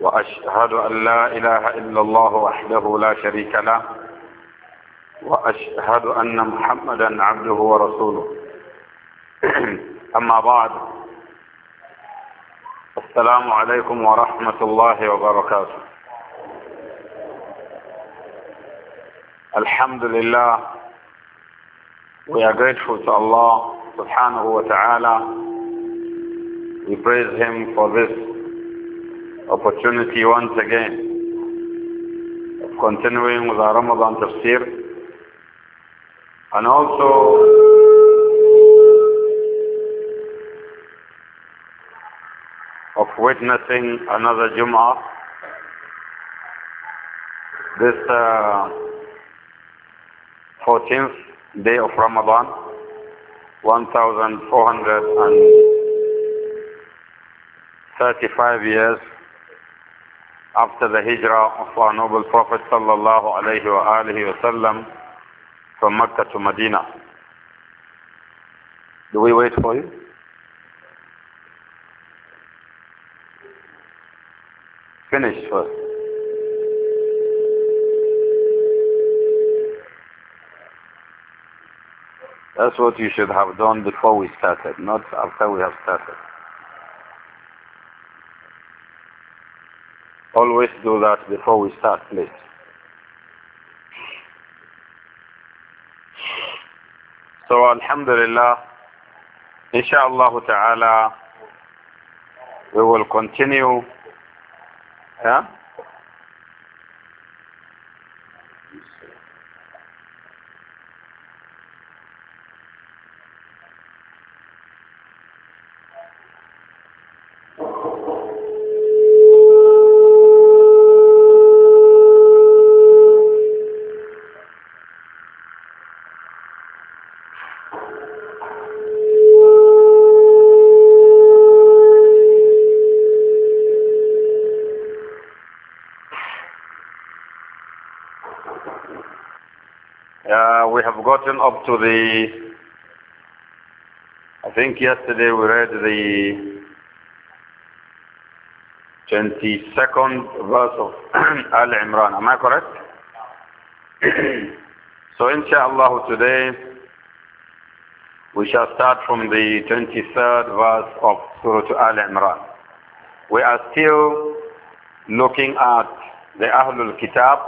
وأشهد أن لا إله إلا الله وحده لا شريك له وأشهد أن محمدا عبده ورسوله أما بعد السلام عليكم ورحمة الله وبركاته الحمد لله we are grateful to Allah subhanahu wa ta'ala. We praise Him for this opportunity once again of continuing with our Ramadan tafsir and also of witnessing another Jum'ah. This uh, 14th day of Ramadan, 1435 years after the hijrah of our noble Prophet sallallahu alayhi wa alihi wasallam from Mecca to Medina. Do we wait for you? Finish first. That's what you should have done before we started, not after we have started. Always do that before we start, please. So Alhamdulillah, Insha'Allah Ta'ala, we will continue yeah? up to the, I think yesterday we read the 22nd verse of Al Imran. Am I correct? so inshallah today we shall start from the 23rd verse of Surah Al Imran. We are still looking at the Ahlul Kitab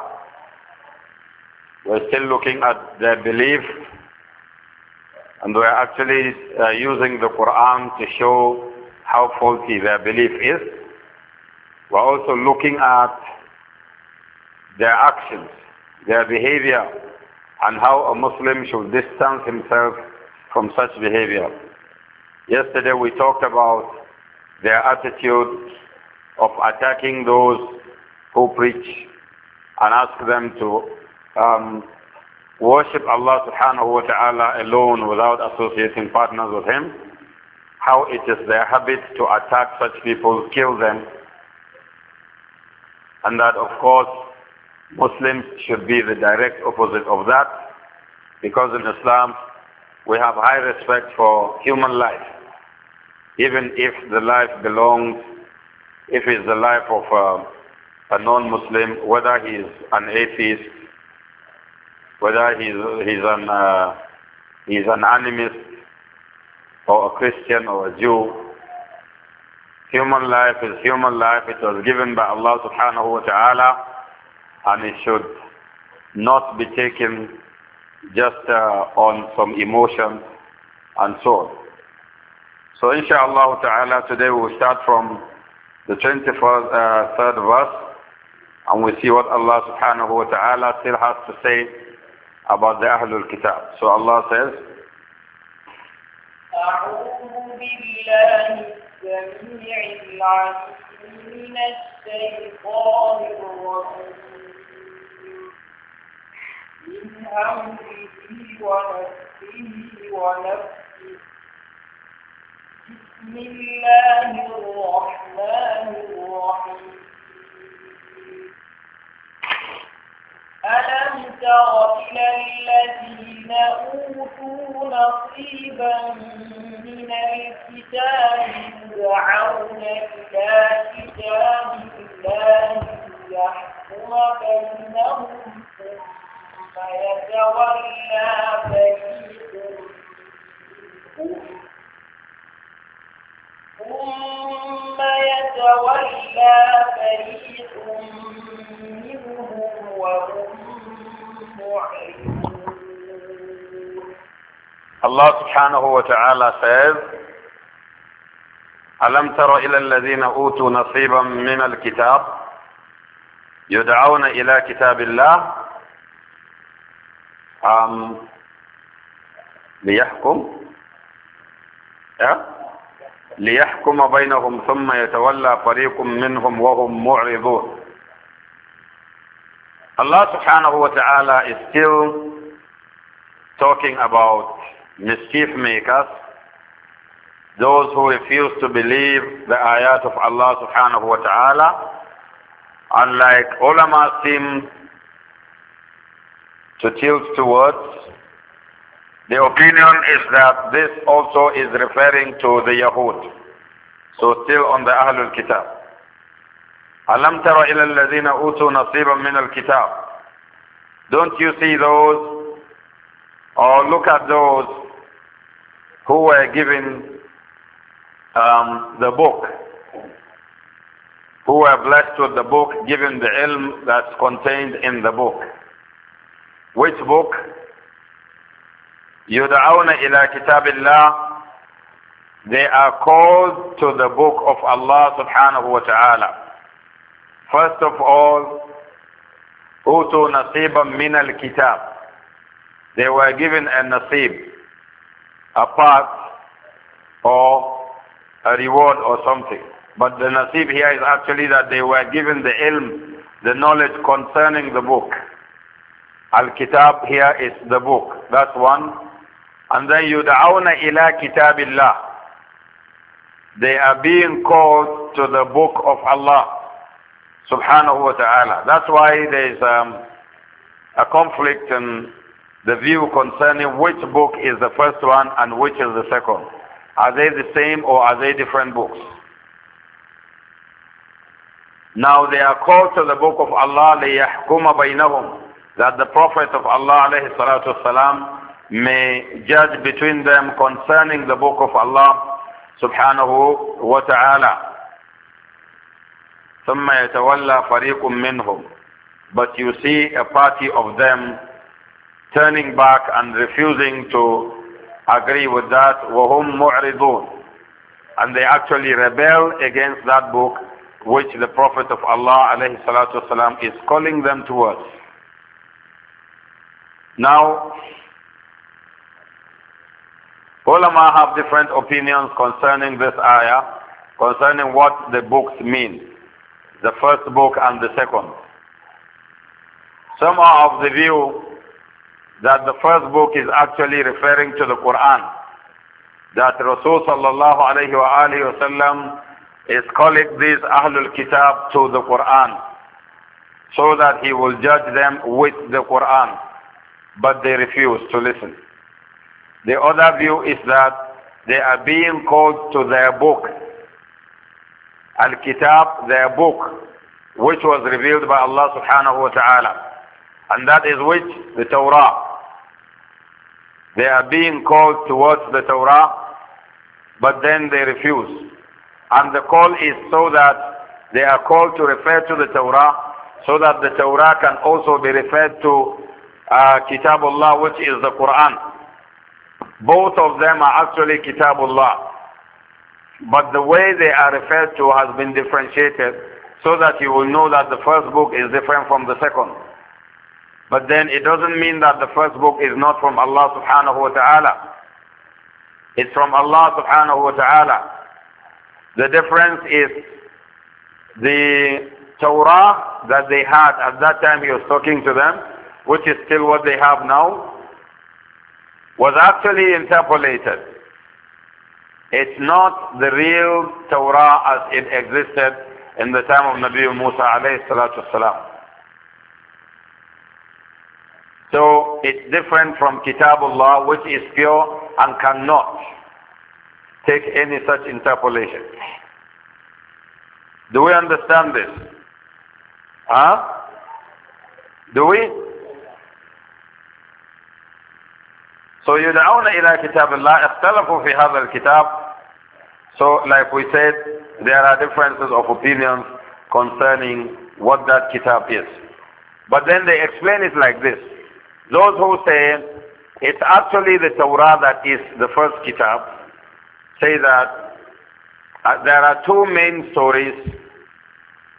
they are still looking at their belief and we're actually uh, using the Quran to show how faulty their belief is. We're also looking at their actions, their behavior, and how a Muslim should distance himself from such behavior. Yesterday we talked about their attitude of attacking those who preach and ask them to um, worship Allah subhanahu wa ta'ala alone without associating partners with Him, how it is their habit to attack such people, kill them, and that of course Muslims should be the direct opposite of that because in Islam we have high respect for human life even if the life belongs if it's the life of a, uh, a non-Muslim whether he is an atheist whether he's, he's, an, uh, he's an animist or a Christian or a Jew. Human life is human life. It was given by Allah subhanahu wa ta'ala and it should not be taken just uh, on some emotion and so on. So inshallah ta'ala today we will start from the 23rd uh, verse and we see what Allah subhanahu wa ta'ala still has to say about the Ahlul Kitab. So Allah says, أعوذ بالله السميع العليم من الشيطان الرجيم من أمره ونفسه ونفسه بسم الله الرحمن الرحيم ألم تر إلى الذين أوتوا نصيبا من الكتاب يدعون إلى كتاب الله ليحكم بينهم ثم يتولى فريق ثم يتولى فريق منهم الله سبحانه وتعالى ta'ala says, ألم تر إلى الذين أوتوا نصيبا من الكتاب يدعون إلى كتاب الله أم ليحكم أه؟ ليحكم بينهم ثم يتولى فريق منهم وهم معرضون Allah subhanahu wa ta'ala is still talking about mischief makers, those who refuse to believe the ayat of Allah subhanahu wa ta'ala, unlike ulama seem to tilt towards, the opinion is that this also is referring to the Yahud. So still on the Ahlul Kitab. أَلَمْ تَرَ إِلَى الَّذِينَ أُوتُوا نَصِيبًا مِنَ الْكِتَابِ Don't you see those or look at those who were given um, the book, who were blessed with the book, given the ilm that's contained in the book. Which book? يُدْعَوْنَ إِلَى كِتَابِ اللَّهِ They are called to the book of Allah subhanahu wa ta'ala. First of all, Utu nasiban min al-kitab. They were given a nasib, a part or a reward or something. But the nasib here is actually that they were given the ilm, the knowledge concerning the book. Al-kitab here is the book. That's one. And then yud'awna ila kitabillah. They are being called to the book of Allah subhanahu wa ta'ala. That's why there is um, a conflict in the view concerning which book is the first one and which is the second. Are they the same or are they different books? Now they are called to the book of Allah لِيَحْكُمَ بَيْنَهُمْ That the Prophet of Allah alayhi salatu wasalam may judge between them concerning the book of Allah subhanahu wa ta'ala. ثم يتولى فريق منهم but you see a party of them turning back and refusing to agree with that وهم معرضون and they actually rebel against that book which the Prophet of Allah alayhi is calling them towards. Now, ulama have different opinions concerning this ayah, concerning what the books mean the first book and the second. Some are of the view that the first book is actually referring to the Quran. That Rasulullah sallallahu alayhi wa alayhi wa sallam is calling these Ahlul Kitab to the Quran so that he will judge them with the Quran. But they refuse to listen. The other view is that they are being called to their book Al-Kitab, their book, which was revealed by Allah subhanahu wa ta'ala. And that is which? The Torah. They are being called towards the Torah, but then they refuse. And the call is so that they are called to refer to the Torah, so that the Torah can also be referred to uh, Kitabullah, which is the Quran. Both of them are actually Kitabullah. But the way they are referred to has been differentiated so that you will know that the first book is different from the second. But then it doesn't mean that the first book is not from Allah subhanahu wa ta'ala. It's from Allah subhanahu wa ta'ala. The difference is the Torah that they had at that time he was talking to them, which is still what they have now, was actually interpolated. It's not the real Torah as it existed in the time of Nabi Musa alayhi salatu salam. So it's different from Kitabullah which is pure and cannot take any such interpolation. Do we understand this? Huh? Do we? So يدعون إلى Allah الله اختلفوا في هذا الكتاب. So like we said, there are differences of opinions concerning what that kitab is. But then they explain it like this. Those who say it's actually the Torah that is the first kitab say that uh, there are two main stories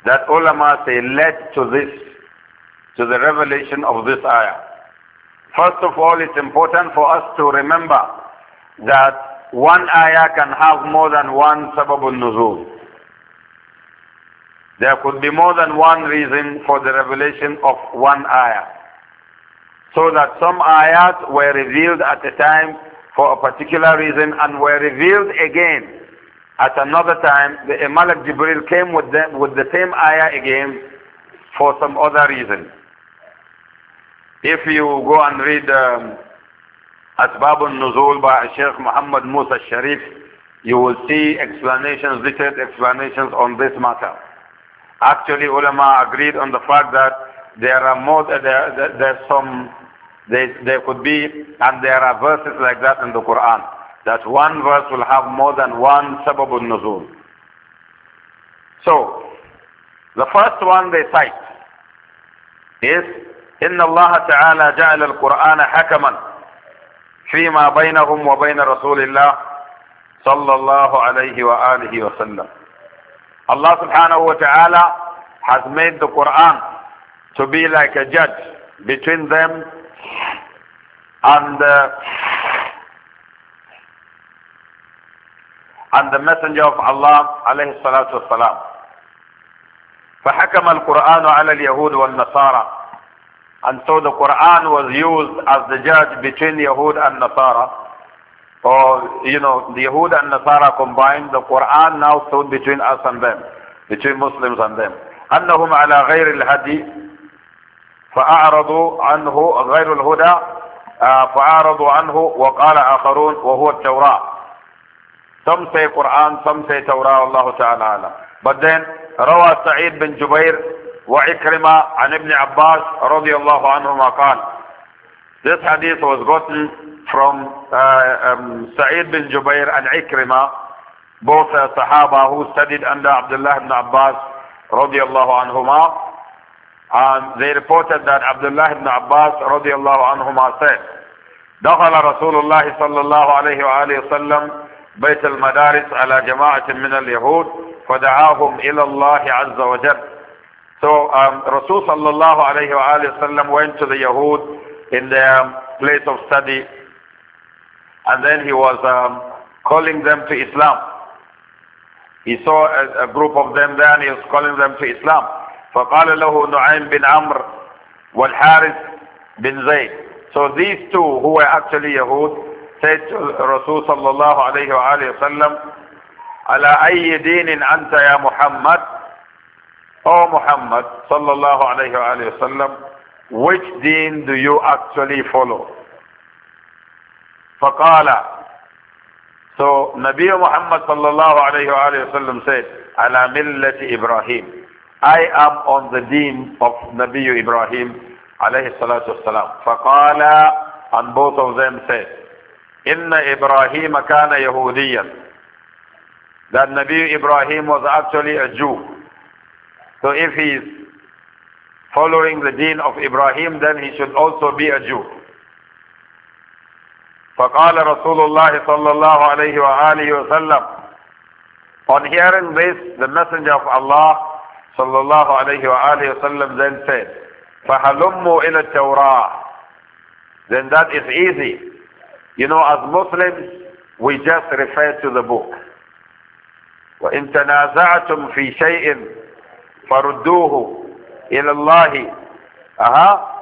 that ulama say led to this, to the revelation of this ayah. First of all, it's important for us to remember that one ayah can have more than one sababun nuzul. There could be more than one reason for the revelation of one ayah. So that some ayahs were revealed at a time for a particular reason and were revealed again at another time. The al Jibril came with, them, with the same ayah again for some other reason. If you go and read um, Asbab al-Nuzul by Sheikh Muhammad Musa Sharif, you will see explanations, detailed explanations on this matter. Actually, ulama agreed on the fact that there are more, there, there, there's some, there, there could be, and there are verses like that in the Quran, that one verse will have more than one sabab al-Nuzul. So, the first one they cite is إن الله تعالى جعل القرآن حكما فيما بينهم وبين رسول الله صلى الله عليه وآله وسلم الله سبحانه وتعالى has made the Quran to be like a judge between them and the, uh, and the messenger of Allah عليه الصلاة والسلام فحكم القرآن على اليهود والنصارى And so the Quran was used as the judge between Yahud and Nasara. Or, you know, the Yahud and Nasara combined, the Quran now stood between us and them, between Muslims and them. أنهم على غير الهدي فأعرضوا عنه غير الهدى فأعرضوا عنه وقال آخرون وهو التوراة. Some say Quran, some say Torah, Allah Ta'ala. But then, روى سعيد بن جبير وعكرمة عن ابن عباس رضي الله عنهما قال This hadith was gotten from uh, um, Sa'id bin Jubair and Ikrima, both uh, Sahaba who studied under Abdullah ibn Abbas radiallahu anhuma. And they reported that Abdullah ibn Abbas radiallahu anhuma said, دخل رسول الله صلى الله عليه وآله وسلم بيت المدارس على جماعة من اليهود فدعاهم إلى الله عز وجل So um, Rasul sallallahu alayhi wa sallam went to the Yahud in their um, place of study and then he was um, calling them to Islam. He saw a, a, group of them there and he was calling them to Islam. فقال له نعيم بن عمرو والحارث بن زيد. So these two who were actually Yahud said to Rasul sallallahu alayhi wa sallam على أي دين أنت يا محمد O Muhammad sallallahu alayhi wa sallam, which deen do you actually follow? فَقَالَ So Nabi Muhammad sallallahu alayhi wa sallam said, "Ala مِلَّةِ Ibrahim. I am on the deen of Nabi Ibrahim alayhi salatu wasalam. فَقَالَ And both of them said, "Inna Ibrahim كَانَ يَهُودِيًّا That Nabi Ibrahim was actually a Jew. So if he is following the deen of Ibrahim, then he should also be a Jew. فقال رسول الله صلى الله عليه وآله وسلم On hearing this, the Messenger of Allah صلى الله عليه وآله وسلم then said, "فَحَلُمُوا إِلَى التَّوْرَاةِ Then that is easy. You know, as Muslims, we just refer to the book. وَإِن تَنَازَعْتُمْ فِي شَيْءٍ فردوه إلى الله أها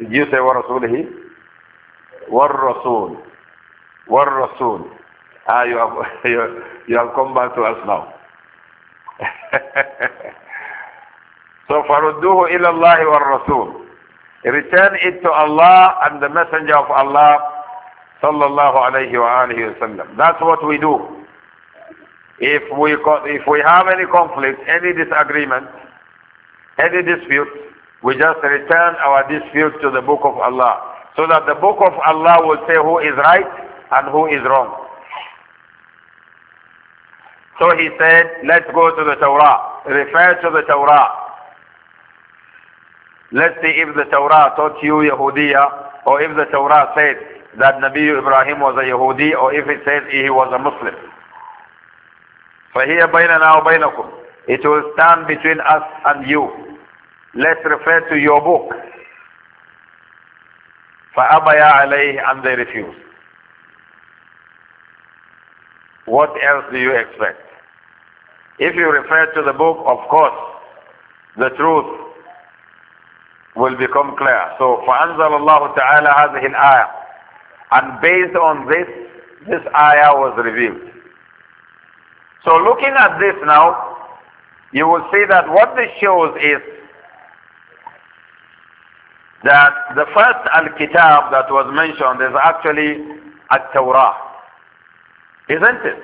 Did you say ورسوله والرسول والرسول Ah, you have, you have come back to us now. so فردوه إلى الله والرسول Return it to Allah and the messenger of Allah صلى الله عليه وآله وسلم. That's what we do. If we, if we have any conflict, any disagreement, any dispute, we just return our dispute to the book of Allah. So that the book of Allah will say who is right and who is wrong. So he said, let's go to the Torah. Refer to the Torah. Let's see if the Torah taught you Yahudiya or if the Torah said that Nabi Ibrahim was a Yahudi or if it said he was a Muslim. فَهِيَ بَيْنَنَا وَبَيْنَكُمْ It will stand between us and you. Let's refer to your book. فَأَبَيَا عَلَيْهِ And they refuse. What else do you expect? If you refer to the book, of course, the truth will become clear. So فأنزل الله تعالى هذه الآية and based on this, this ayah was revealed. So looking at this now, you will see that what this shows is that the first Al-Kitab that was mentioned is actually At-Tawrah. Isn't it?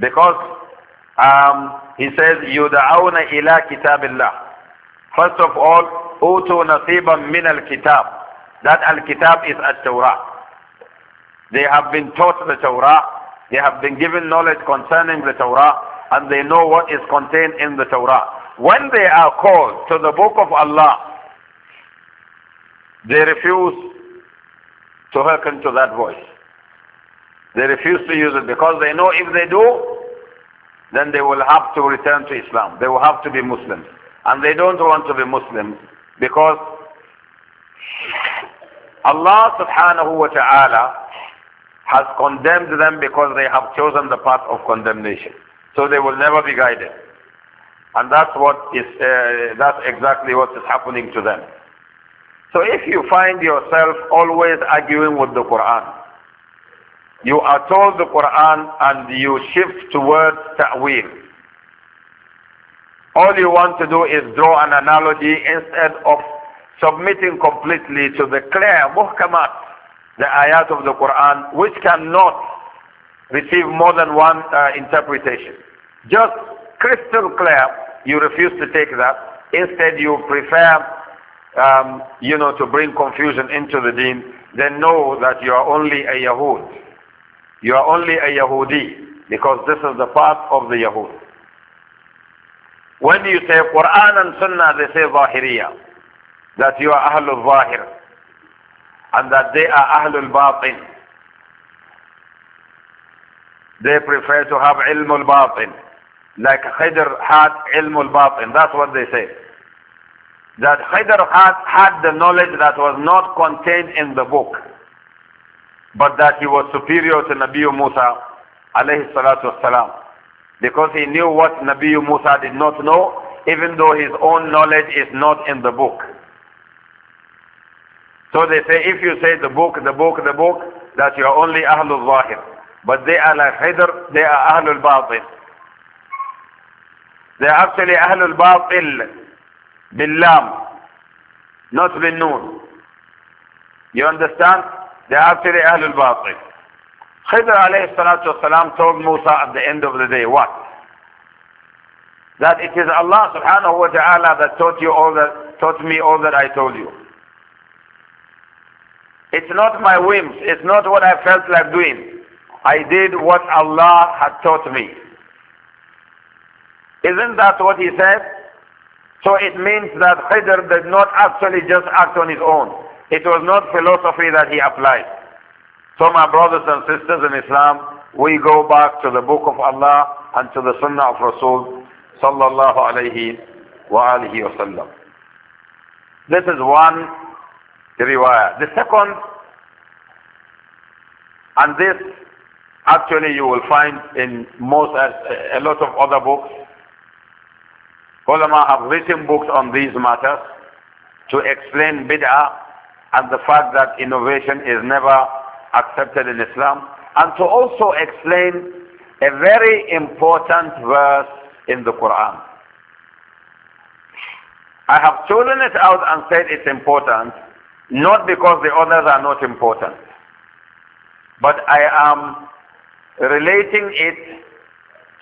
Because um, he says, يُدَعَوْنَ إِلَىٰ كِتَابِ اللَّهِ First of all, أُوتُوا نَصِيبًا مِنَ الْكِتَابِ That Al-Kitab is At-Tawrah. They have been taught the Torah they have been given knowledge concerning the Torah and they know what is contained in the Torah. When they are called to the book of Allah, they refuse to hearken to that voice. They refuse to use it because they know if they do, then they will have to return to Islam. They will have to be Muslims. And they don't want to be Muslims because Allah subhanahu wa ta'ala has condemned them because they have chosen the path of condemnation. So they will never be guided. And that's what is, uh, that's exactly what is happening to them. So if you find yourself always arguing with the Quran, you are told the Quran and you shift towards ta'wil. All you want to do is draw an analogy instead of submitting completely to the clear muhkamat the ayat of the Quran, which cannot receive more than one uh, interpretation. Just crystal clear, you refuse to take that. Instead, you prefer, um, you know, to bring confusion into the deen. Then know that you are only a Yahud. You are only a Yahudi because this is the path of the Yahud. When you say Quran and Sunnah, they say Zahiriyah, that you are Ahlul Zahir and that they are Ahlul Batin. They prefer to have Ilmul Batin. Like Khidr had Ilmul Batin. That's what they say. That Khidr had, had the knowledge that was not contained in the book, but that he was superior to Nabi Musa alayhi salatu wasalam. Because he knew what Nabi Musa did not know, even though his own knowledge is not in the book. So they say, if you say the book, the book, the book, that you are only Ahlul Zahir. But they are like Hidr, they are Ahlul Batil. They are actually Ahlul Batil, Billam, not Binnun. You understand? They are actually Ahlul Batil. Khidr alayhi salatu wasalam told Musa at the end of the day, what? That it is Allah subhanahu wa ta'ala that taught you all that, taught me all that I told you. It's not my whims. It's not what I felt like doing. I did what Allah had taught me. Isn't that what he said? So it means that Khidr did not actually just act on his own. It was not philosophy that he applied. So my brothers and sisters in Islam, we go back to the book of Allah and to the sunnah of Rasul sallallahu alayhi wa alihi wa sallam. This is one the The second, and this actually you will find in most, uh, a lot of other books, ulama have written books on these matters to explain bid'ah and the fact that innovation is never accepted in Islam and to also explain a very important verse in the Quran. I have chosen it out and said it's important not because the others are not important, but I am relating it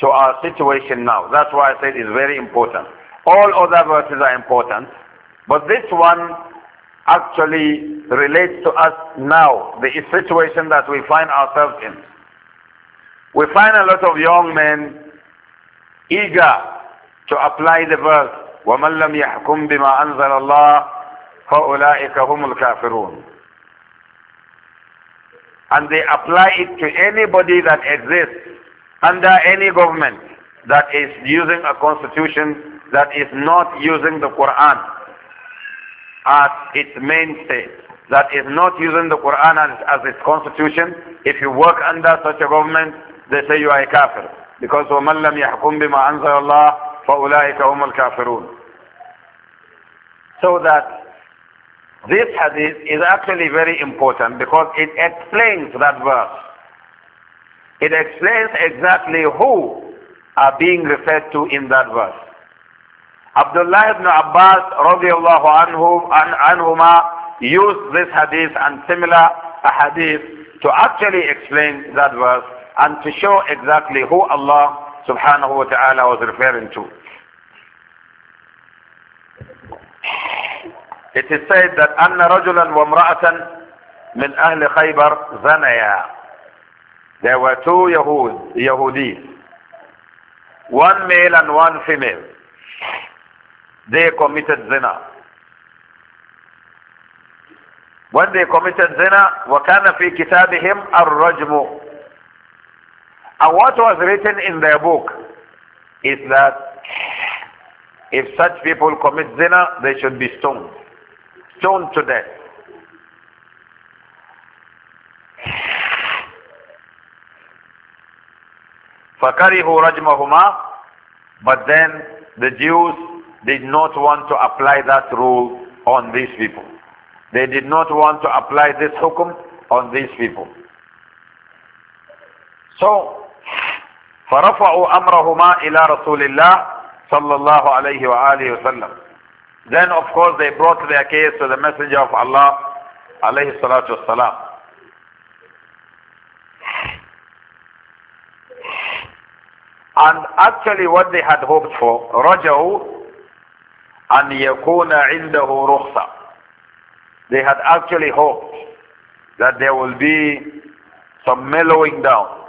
to our situation now. That's why I said it's very important. All other verses are important, but this one actually relates to us now, the situation that we find ourselves in. We find a lot of young men eager to apply the verse, وَمَنْ لَمْ يَحْكُمْ بِمَا أَنزَلَ اللَّهِ فَأُولَٰئِكَ هُمُ الْكَافِرُونَ And they apply it to anybody that exists under any government that is using a constitution that is not using the Quran as its mainstay, that is not using the Quran as, as its constitution. If you work under such a government, they say you are a kafir. Because وَمَنْ لَمْ يَحْكُمْ بِمَا أَنزَلَ اللَّهِ فَأُولَٰئِكَ هُمُ الْكَافِرُونَ So that this hadith is actually very important because it explains that verse. It explains exactly who are being referred to in that verse. Abdullah ibn Abbas radiallahu anhu, an, anhuma used this hadith and similar hadith to actually explain that verse and to show exactly who Allah subhanahu wa ta'ala was referring to. It is said that أن رجلا وامرأة من أهل خيبر زنيا. There were two يهود Yahudis, one male and one female. They committed zina. When they committed zina, وَكَانَ فِي كِتَابِهِمْ الرَّجْمُ And what was written in their book is that if such people commit zina, they should be stoned. stoned to death. فَكَرِهُ رَجْمَهُمَا But then the Jews did not want to apply that rule on these people. They did not want to apply this hukum on these people. So, فَرَفَعُوا أَمْرَهُمَا إِلَى رَسُولِ اللَّهِ صَلَّى اللَّهُ عَلَيْهِ وَآلِهِ وَسَلَّمَ then of course they brought their case to the Messenger of Allah alayhi salatu wasalam. And actually what they had hoped for, رَجَعُوا أَنْ يَكُونَ عِنْدَهُ رُخْصَةً They had actually hoped that there will be some mellowing down.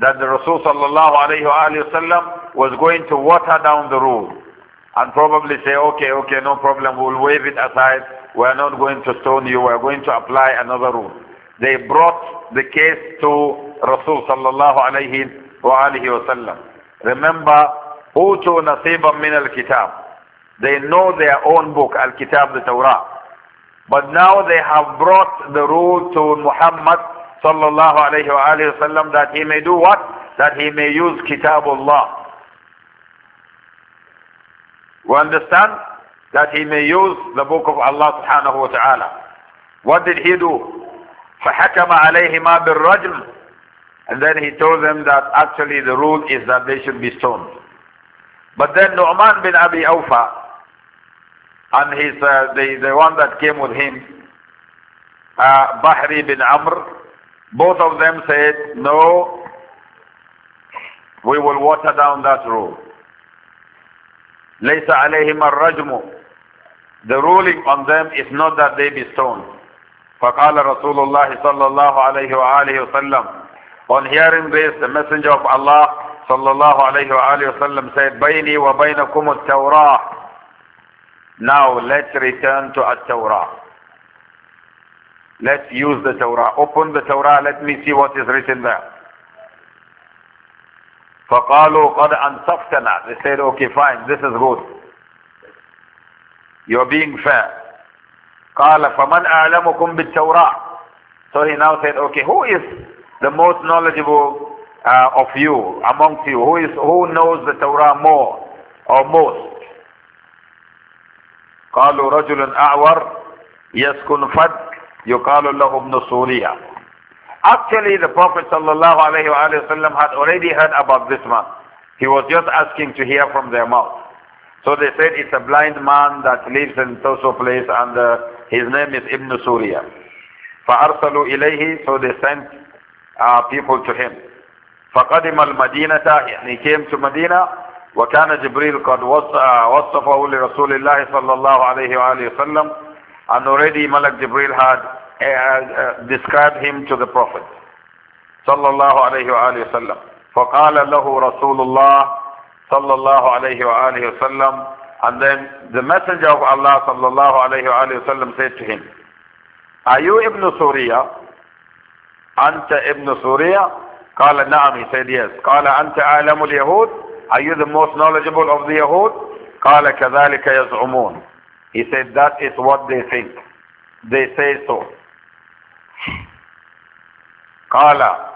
That the Rasul sallallahu alayhi wa was going to water down the rule and probably say, okay, okay, no problem, we'll wave it aside. We're not going to stone you. We're going to apply another rule. They brought the case to Rasul sallallahu alayhi wa alihi wa Remember, Utu min al-kitab. They know their own book, al-kitab, the Torah. But now they have brought the rule to Muhammad sallallahu alayhi wa alihi wa that he may do what? That he may use kitabullah we understand that he may use the book of Allah subhanahu wa ta'ala. What did he do? فَحَكَمَ عَلَيْهِمَا بِالرَّجْمِ And then he told them that actually the rule is that they should be stoned. But then Nu'man bin Abi Awfa and his, uh, the, the one that came with him, uh, Bahri bin Amr, both of them said, no, we will water down that rule. لَيْسَ عَلَيْهِمَ الرَّجْمُ The ruling on them is not that they be stoned. فَقَالَ رَسُولُ اللَّهِ صَلَّى اللَّهُ عَلَيْهِ وَآلِهِ وَسَلَّمَ On hearing this, the Messenger of Allah صلى الله عليه alayhi وسلم, said, بَيْنِي وَبَيْنَكُمُ التَّوْرَاةِ Now let's return to At-Tawrah. Let's use the Torah. Open the Torah. Let me see what is written there. فقالوا قد أنصفتنا. They said, okay, fine, this is good. You're being fair. قال فمن أعلمكم بالتوراة. So he now said, okay, who is the most knowledgeable uh, of you, amongst you? Who is who knows the Torah more or most? قالوا رجل أعور يسكن فد يقال له ابن سوريا Actually, the Prophet sallallahu had already heard about this man. He was just asking to hear from their mouth. So they said it's a blind man that lives in so place and uh, his name is Ibn Surya. فَأَرْسَلُوا إِلَيْهِ So they sent uh, people to him. فَقَدِمَ الْمَدِينَةَ And he came to Medina. وكان جبريل قد uh, وصفه لرسول الله صلى الله عليه وآله وسلم and already Malak Jibril had uh, described him to the Prophet sallallahu alaihi wasallam. فقال له رسول الله صلى الله عليه وآله وسلم and then the messenger of Allah صلى الله عليه وآله وسلم said to him Are you Ibn Suriya? أنت Ibn Suriya? قال نعم he said yes قال أنت أعلم اليهود Are you the most knowledgeable of the Yahud? قال كذلك يزعمون He said that is what they think. They say so. Qala.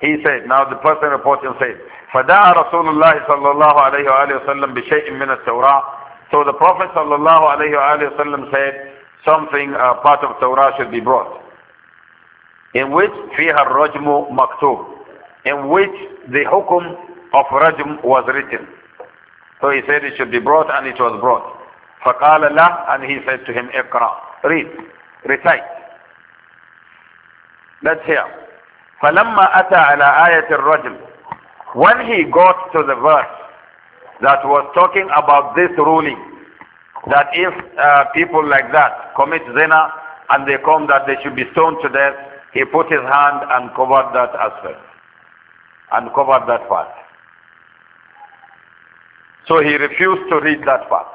He said, now the person reporting said, فَدَعَ رَسُولُ اللَّهِ صَلَّى اللَّهُ عَلَيْهِ وَآلِهِ وَسَلَّمْ بِشَيْءٍ مِنَ التَّوْرَاةِ So the Prophet صلى الله عليه وآله وسلم said, something, a uh, part of Torah should be brought, in which فِيهَا الرَّجْمُ مَكْتُوبٌ in which the hukum of rajm was written. So he said it should be brought and it was brought. فَقَالَ لَهُ And he said to him, اقرأ, read, recite. Let's hear. فَلَمَّا أَتَى عَلَى آيَةِ When he got to the verse that was talking about this ruling, that if uh, people like that commit zina and they come that they should be stoned to death, he put his hand and covered that aspect, and covered that part. So he refused to read that part.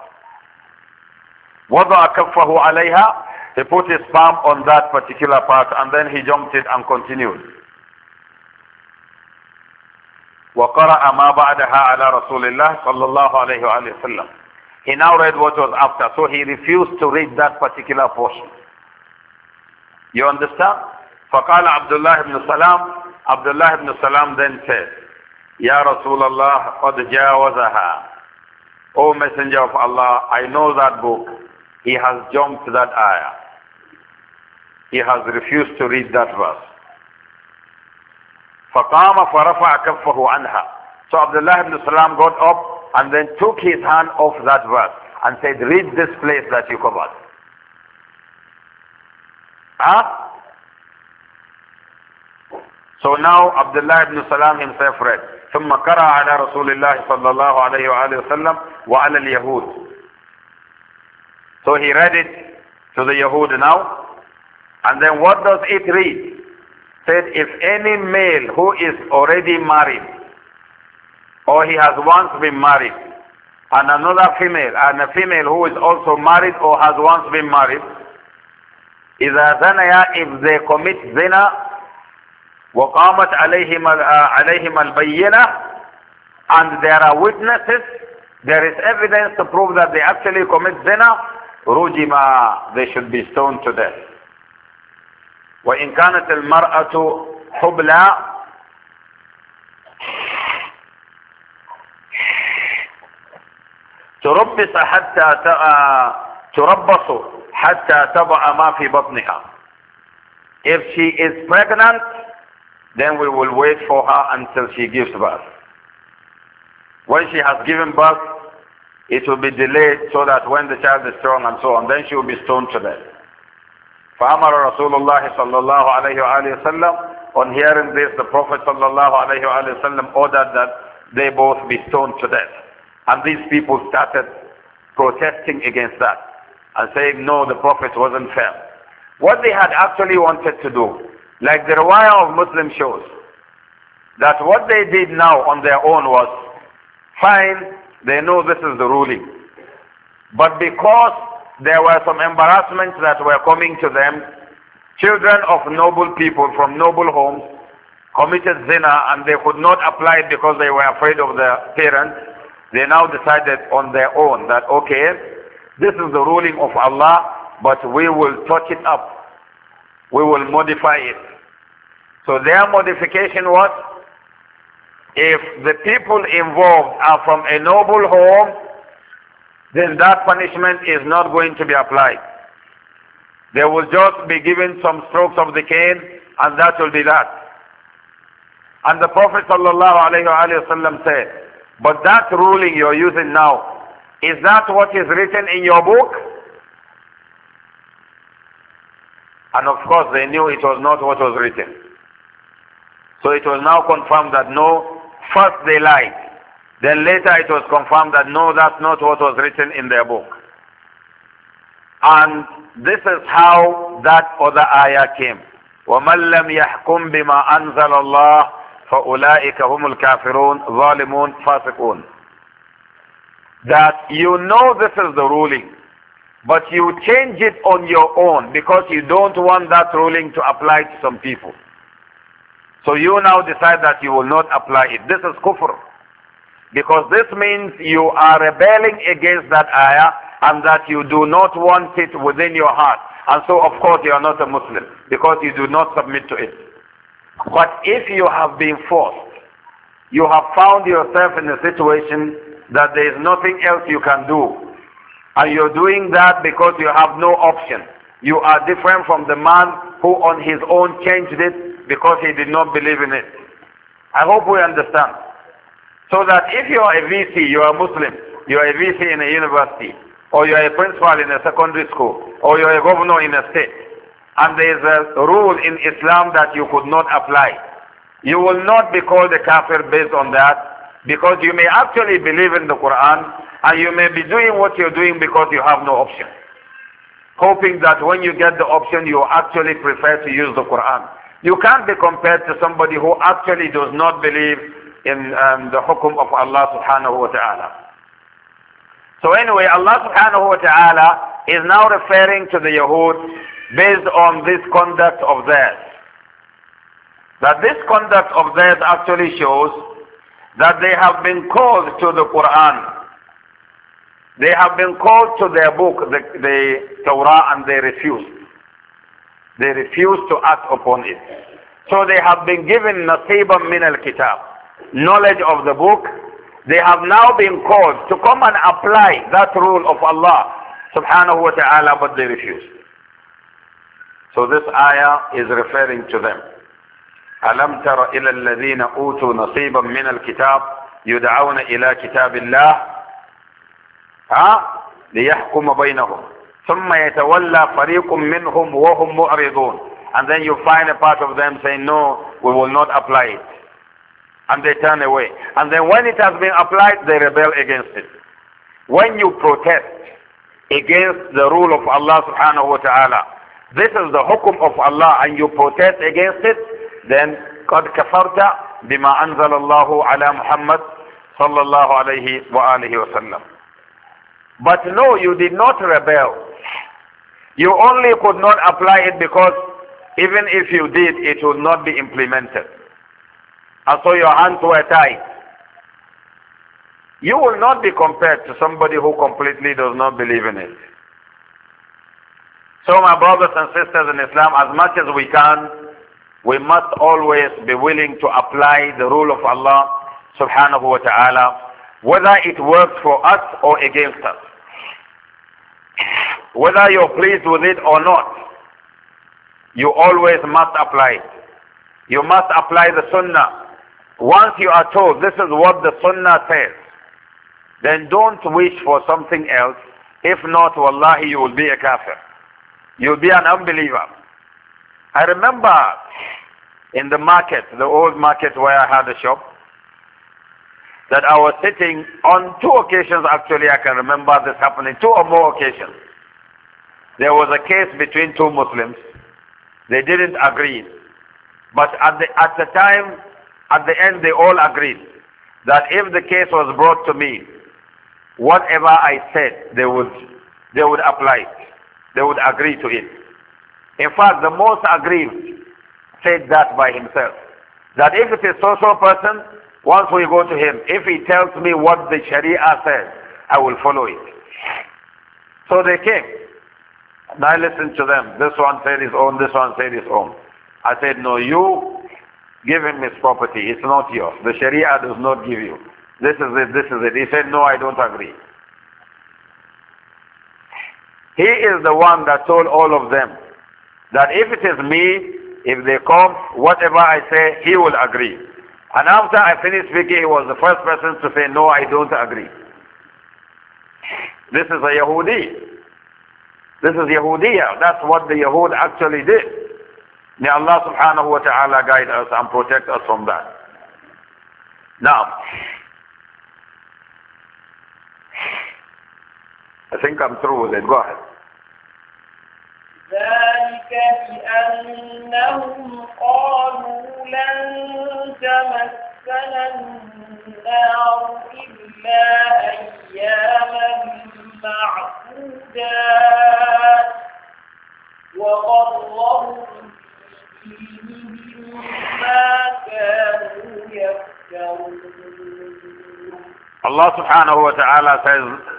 وضع كفه عليها he put his palm on that particular part and then he jumped it and continued. وقرأ ما بعدها على رسول الله صلى الله عليه وسلم. He now read what was after, so he refused to read that particular portion. You understand? فقال عبد الله بن سلام عبد الله بن then said, يا رسول الله قد جاوزها. O Messenger of Allah, I know that book. He has jumped that ayah he has refused to read that verse. فقام فرفع كفه عنها. So Abdullah ibn Salam got up and then took his hand off that verse and said, read this place that you covered. Huh? So now Abdullah ibn Salam himself read. ثم قرأ على رسول الله صلى الله عليه وآله وسلم وعلى اليهود. So he read it to the Yahud now and then what does it read? Said, if any male who is already married, or he has once been married, and another female, and a female who is also married or has once been married, إذا زنيا if they commit zina وقامت عليهم عليهم البينة and there are witnesses there is evidence to prove that they actually commit zina رجما they should be stoned to death وإن كانت المرأة حبلى تربص حتى تربص حتى تضع ما في بطنها If she is pregnant, then we will wait for her until she gives birth. When she has given birth, it will be delayed so that when the child is strong and so on, then she will be stoned to death. فأمر رسول الله صلى الله عليه وآله وسلم on hearing this the Prophet sallallahu alaihi wasallam ordered that they both be stoned to death. And these people started protesting against that and saying no the Prophet wasn't fair. What they had actually wanted to do, like the riwayah of Muslim shows, that what they did now on their own was fine, they know this is the ruling. But because there were some embarrassments that were coming to them. Children of noble people from noble homes committed zina and they could not apply it because they were afraid of their parents. They now decided on their own that, okay, this is the ruling of Allah, but we will touch it up. We will modify it. So their modification was, if the people involved are from a noble home, then that punishment is not going to be applied. They will just be given some strokes of the cane and that will be that. And the Prophet ﷺ said, but that ruling you're using now, is that what is written in your book? And of course they knew it was not what was written. So it was now confirmed that no, first they lied. Then later it was confirmed that no, that's not what was written in their book. And this is how that other ayah came. وَمَنْ لَمْ يَحْكُمْ بِمَا أَنْزَلَ اللَّهِ فَأُولَٰئِكَ هُمُ الْكَافِرُونَ ظَالِمُونَ فَاسِقُونَ That you know this is the ruling, but you change it on your own because you don't want that ruling to apply to some people. So you now decide that you will not apply it. This is kufr. Because this means you are rebelling against that ayah and that you do not want it within your heart. And so, of course, you are not a Muslim because you do not submit to it. But if you have been forced, you have found yourself in a situation that there is nothing else you can do. And you're doing that because you have no option. You are different from the man who on his own changed it because he did not believe in it. I hope we understand. So that if you are a VC, you are a Muslim, you are a VC in a university, or you are a principal in a secondary school, or you are a governor in a state, and there is a rule in Islam that you could not apply, you will not be called a kafir based on that, because you may actually believe in the Quran, and you may be doing what you're doing because you have no option. Hoping that when you get the option, you actually prefer to use the Quran. You can't be compared to somebody who actually does not believe in um, the hukum of Allah subhanahu wa ta'ala. So anyway, Allah subhanahu wa ta'ala is now referring to the Yahud based on this conduct of theirs. That this conduct of theirs actually shows that they have been called to the Quran. They have been called to their book, the, the Torah, and they refused. They refused to act upon it. So they have been given nasiban min al-kitab knowledge of the book, they have now been called to come and apply that rule of Allah subhanahu wa ta'ala, but they refuse. So this ayah is referring to them. ألم تر إلى الذين أوتوا نصيبا من الكتاب يدعون إلى كتاب الله ها ليحكم بينهم ثم يتولى فريق منهم وهم معرضون and then you find a part of them saying no we will not apply it and they turn away. And then when it has been applied, they rebel against it. When you protest against the rule of Allah subhanahu wa ta'ala, this is the hukum of Allah and you protest against it, then قَدْ كَفَرْتَ بِمَا أَنزَلَ اللَّهُ عَلَى مُحَمَّدٍ صلى الله عليه وآله وسلم. But no, you did not rebel. You only could not apply it because even if you did, it would not be implemented and so your hands were tied. You will not be compared to somebody who completely does not believe in it. So my brothers and sisters in Islam, as much as we can, we must always be willing to apply the rule of Allah subhanahu wa ta'ala, whether it works for us or against us. Whether you're pleased with it or not, you always must apply it. You must apply the sunnah once you are told this is what the sunnah says, then don't wish for something else. If not, wallahi, you will be a kafir. You'll be an unbeliever. I remember in the market, the old market where I had a shop, that I was sitting on two occasions, actually, I can remember this happening, two or more occasions. There was a case between two Muslims. They didn't agree. But at the, at the time, at the end, they all agreed that if the case was brought to me, whatever I said, they would, they would apply it. They would agree to it. In fact, the most aggrieved said that by himself. That if it is a social person, once we go to him, if he tells me what the Sharia says, I will follow it. So they came. And I listened to them. This one said his own, this one said his own. I said, no, you Give him his property. It's not yours. The Sharia does not give you. This is it, this is it. He said, no, I don't agree. He is the one that told all of them that if it is me, if they come, whatever I say, he will agree. And after I finished speaking, he was the first person to say, no, I don't agree. This is a Yahudi. This is Yahudiya. That's what the Yahud actually did. May Allah subhanahu wa ta'ala guide us and protect us from that. Now, I think I'm through with it. Go ahead. ذلك بأنهم قالوا لن تمسنا النار إلا أياما معدودات وغرهم الله سبحانه وتعالى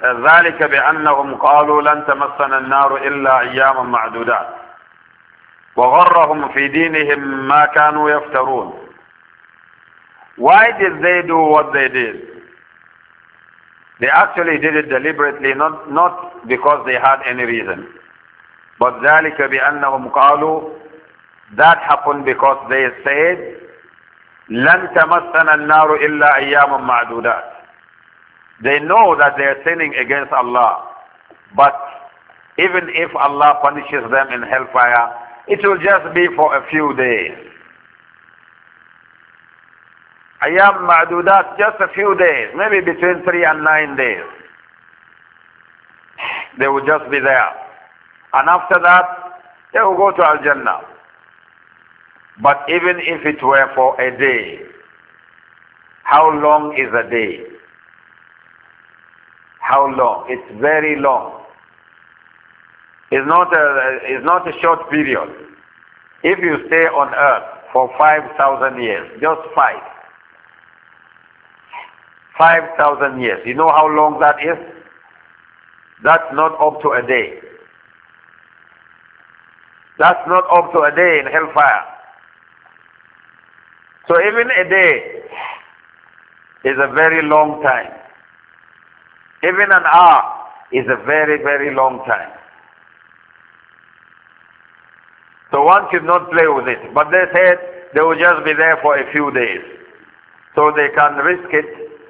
ذلك بأنهم قالوا لن تمسنا النار إلا أياما معدودات وغرهم في دينهم ما كانوا يفترون Why did they do what they did? They actually did it deliberately, not, not because they had any reason. But ذلك بأنهم قالوا That happened because they said, لَن تَمَسَّنَا النَّارُ إِلَّا أَيَّامٌ مَعْدُودَاتٍ They know that they are sinning against Allah. But even if Allah punishes them in hellfire, it will just be for a few days. Ayam Ma'dudat, just a few days, maybe between three and nine days. They will just be there. And after that, they will go to Al-Jannah. But even if it were for a day, how long is a day? How long? It's very long. It's not a, it's not a short period. If you stay on earth for 5,000 years, just five, 5,000 years, you know how long that is? That's not up to a day. That's not up to a day in hellfire. So even a day is a very long time. Even an hour is a very, very long time. So one should not play with it. But they said they will just be there for a few days. So they can risk it.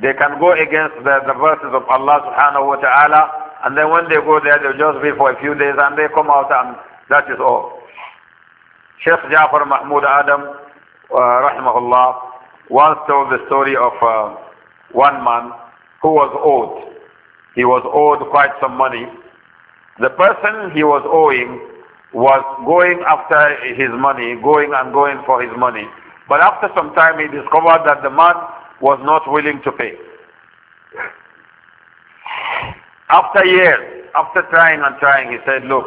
They can go against the, the verses of Allah subhanahu wa ta'ala. And then when they go there, they'll just be for a few days and they come out and that is all. Sheikh Jafar Mahmoud Adam uh, rahimahullah, once told the story of uh, one man who was owed. He was owed quite some money. The person he was owing was going after his money, going and going for his money. But after some time he discovered that the man was not willing to pay. After years, after trying and trying, he said, look,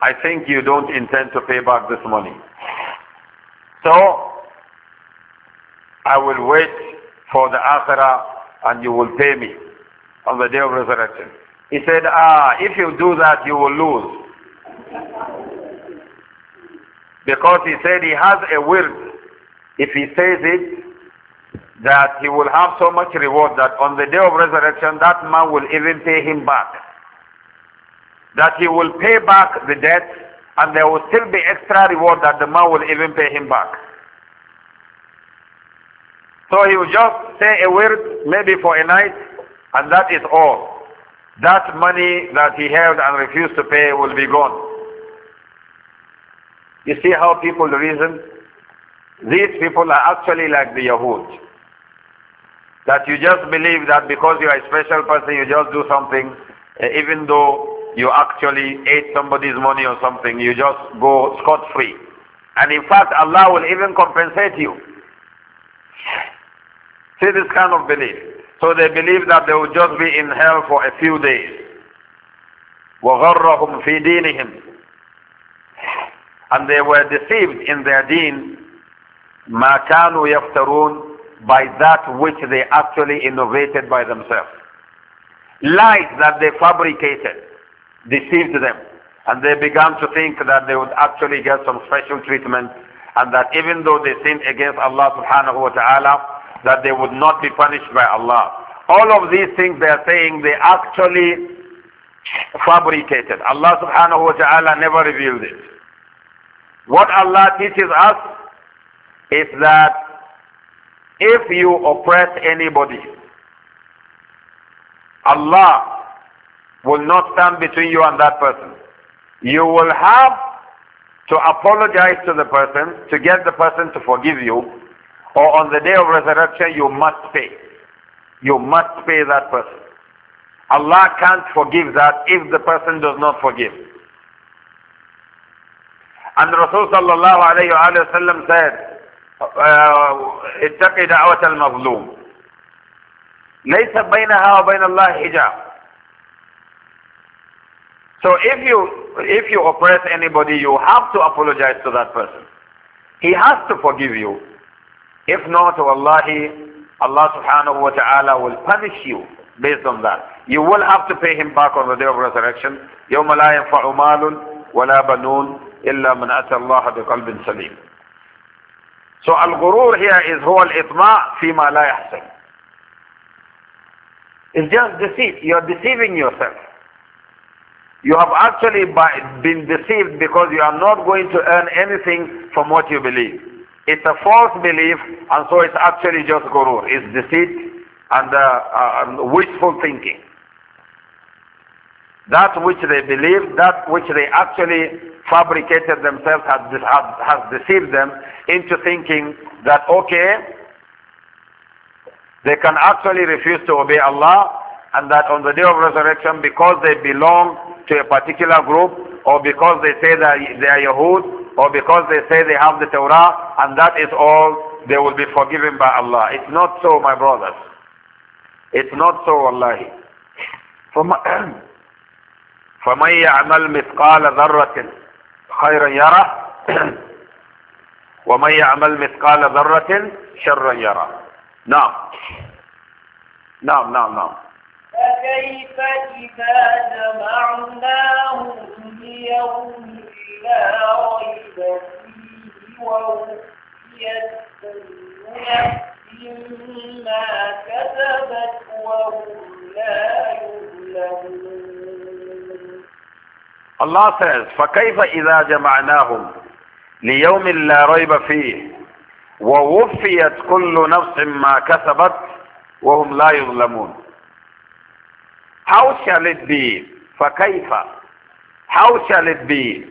I think you don't intend to pay back this money. So, I will wait for the akhirah and you will pay me on the day of resurrection. He said, ah, if you do that, you will lose. Because he said he has a will. If he says it, that he will have so much reward that on the day of resurrection, that man will even pay him back. That he will pay back the debt and there will still be extra reward that the man will even pay him back. So he will just say a word, maybe for a night, and that is all. That money that he held and refused to pay will be gone. You see how people reason? These people are actually like the Yahud. That you just believe that because you are a special person, you just do something, eh, even though you actually ate somebody's money or something, you just go scot-free. And in fact, Allah will even compensate you. See this kind of belief. So they believe that they will just be in hell for a few days. وَغَرَّهُمْ فِي دِينِهِمْ And they were deceived in their deen مَا كَانُوا يَفْتَرُونَ by that which they actually innovated by themselves. Lies that they fabricated deceived them. And they began to think that they would actually get some special treatment and that even though they sinned against Allah subhanahu wa ta'ala, that they would not be punished by Allah. All of these things they are saying, they actually fabricated. Allah subhanahu wa ta'ala never revealed it. What Allah teaches us is that if you oppress anybody, Allah will not stand between you and that person. You will have to apologize to the person to get the person to forgive you, or on the day of resurrection, you must pay. You must pay that person. Allah can't forgive that if the person does not forgive. And Rasul sallallahu alayhi wa sallam said, اتقي دعوة المظلوم ليس بينها وبين الله حجاب so if you, if you oppress anybody, you have to apologize to that person. He has to forgive you. If not, wallahi, Allah subhanahu wa ta'ala will punish you based on that. You will have to pay him back on the day of resurrection. يَوْمَ لَا يَنْفَعُ مَالٌ وَلَا بَنُونَ إِلَّا مَنْ أَتَى اللَّهَ بِقَلْبٍ سَلِيمٍ So al-ghurur here is هو الإطماع فيما لا يحسن. It's just deceit. You're deceiving yourself. You have actually been deceived because you are not going to earn anything from what you believe. It's a false belief and so it's actually just gurur. It's deceit and, uh, uh, and wishful thinking. That which they believe, that which they actually fabricated themselves has, has, has deceived them into thinking that, okay, they can actually refuse to obey Allah and that on the day of resurrection because they belong to a particular group or because they say that they are Yahud or because they say they have the Torah and that is all they will be forgiven by Allah. It's not so, my brothers. It's not so, Wallahi. فَمَنْ يَعْمَلْ مِثْقَالَ ذَرَّةٍ خَيْرًا يَرَهُ وَمَنْ يَعْمَلْ مِثْقَالَ ذَرَّةٍ شَرًّا يَرَى. Now, now, now, now. فكيف إذا جمعناهم ليوم لا ريب فيه ووفيت كل نفس ما كسبت وهم لا يظلمون الله says فكيف إذا جمعناهم ليوم لا ريب فيه ووفيت كل نفس ما كسبت وهم لا يظلمون How shall it be? Fakaifa. How shall it be?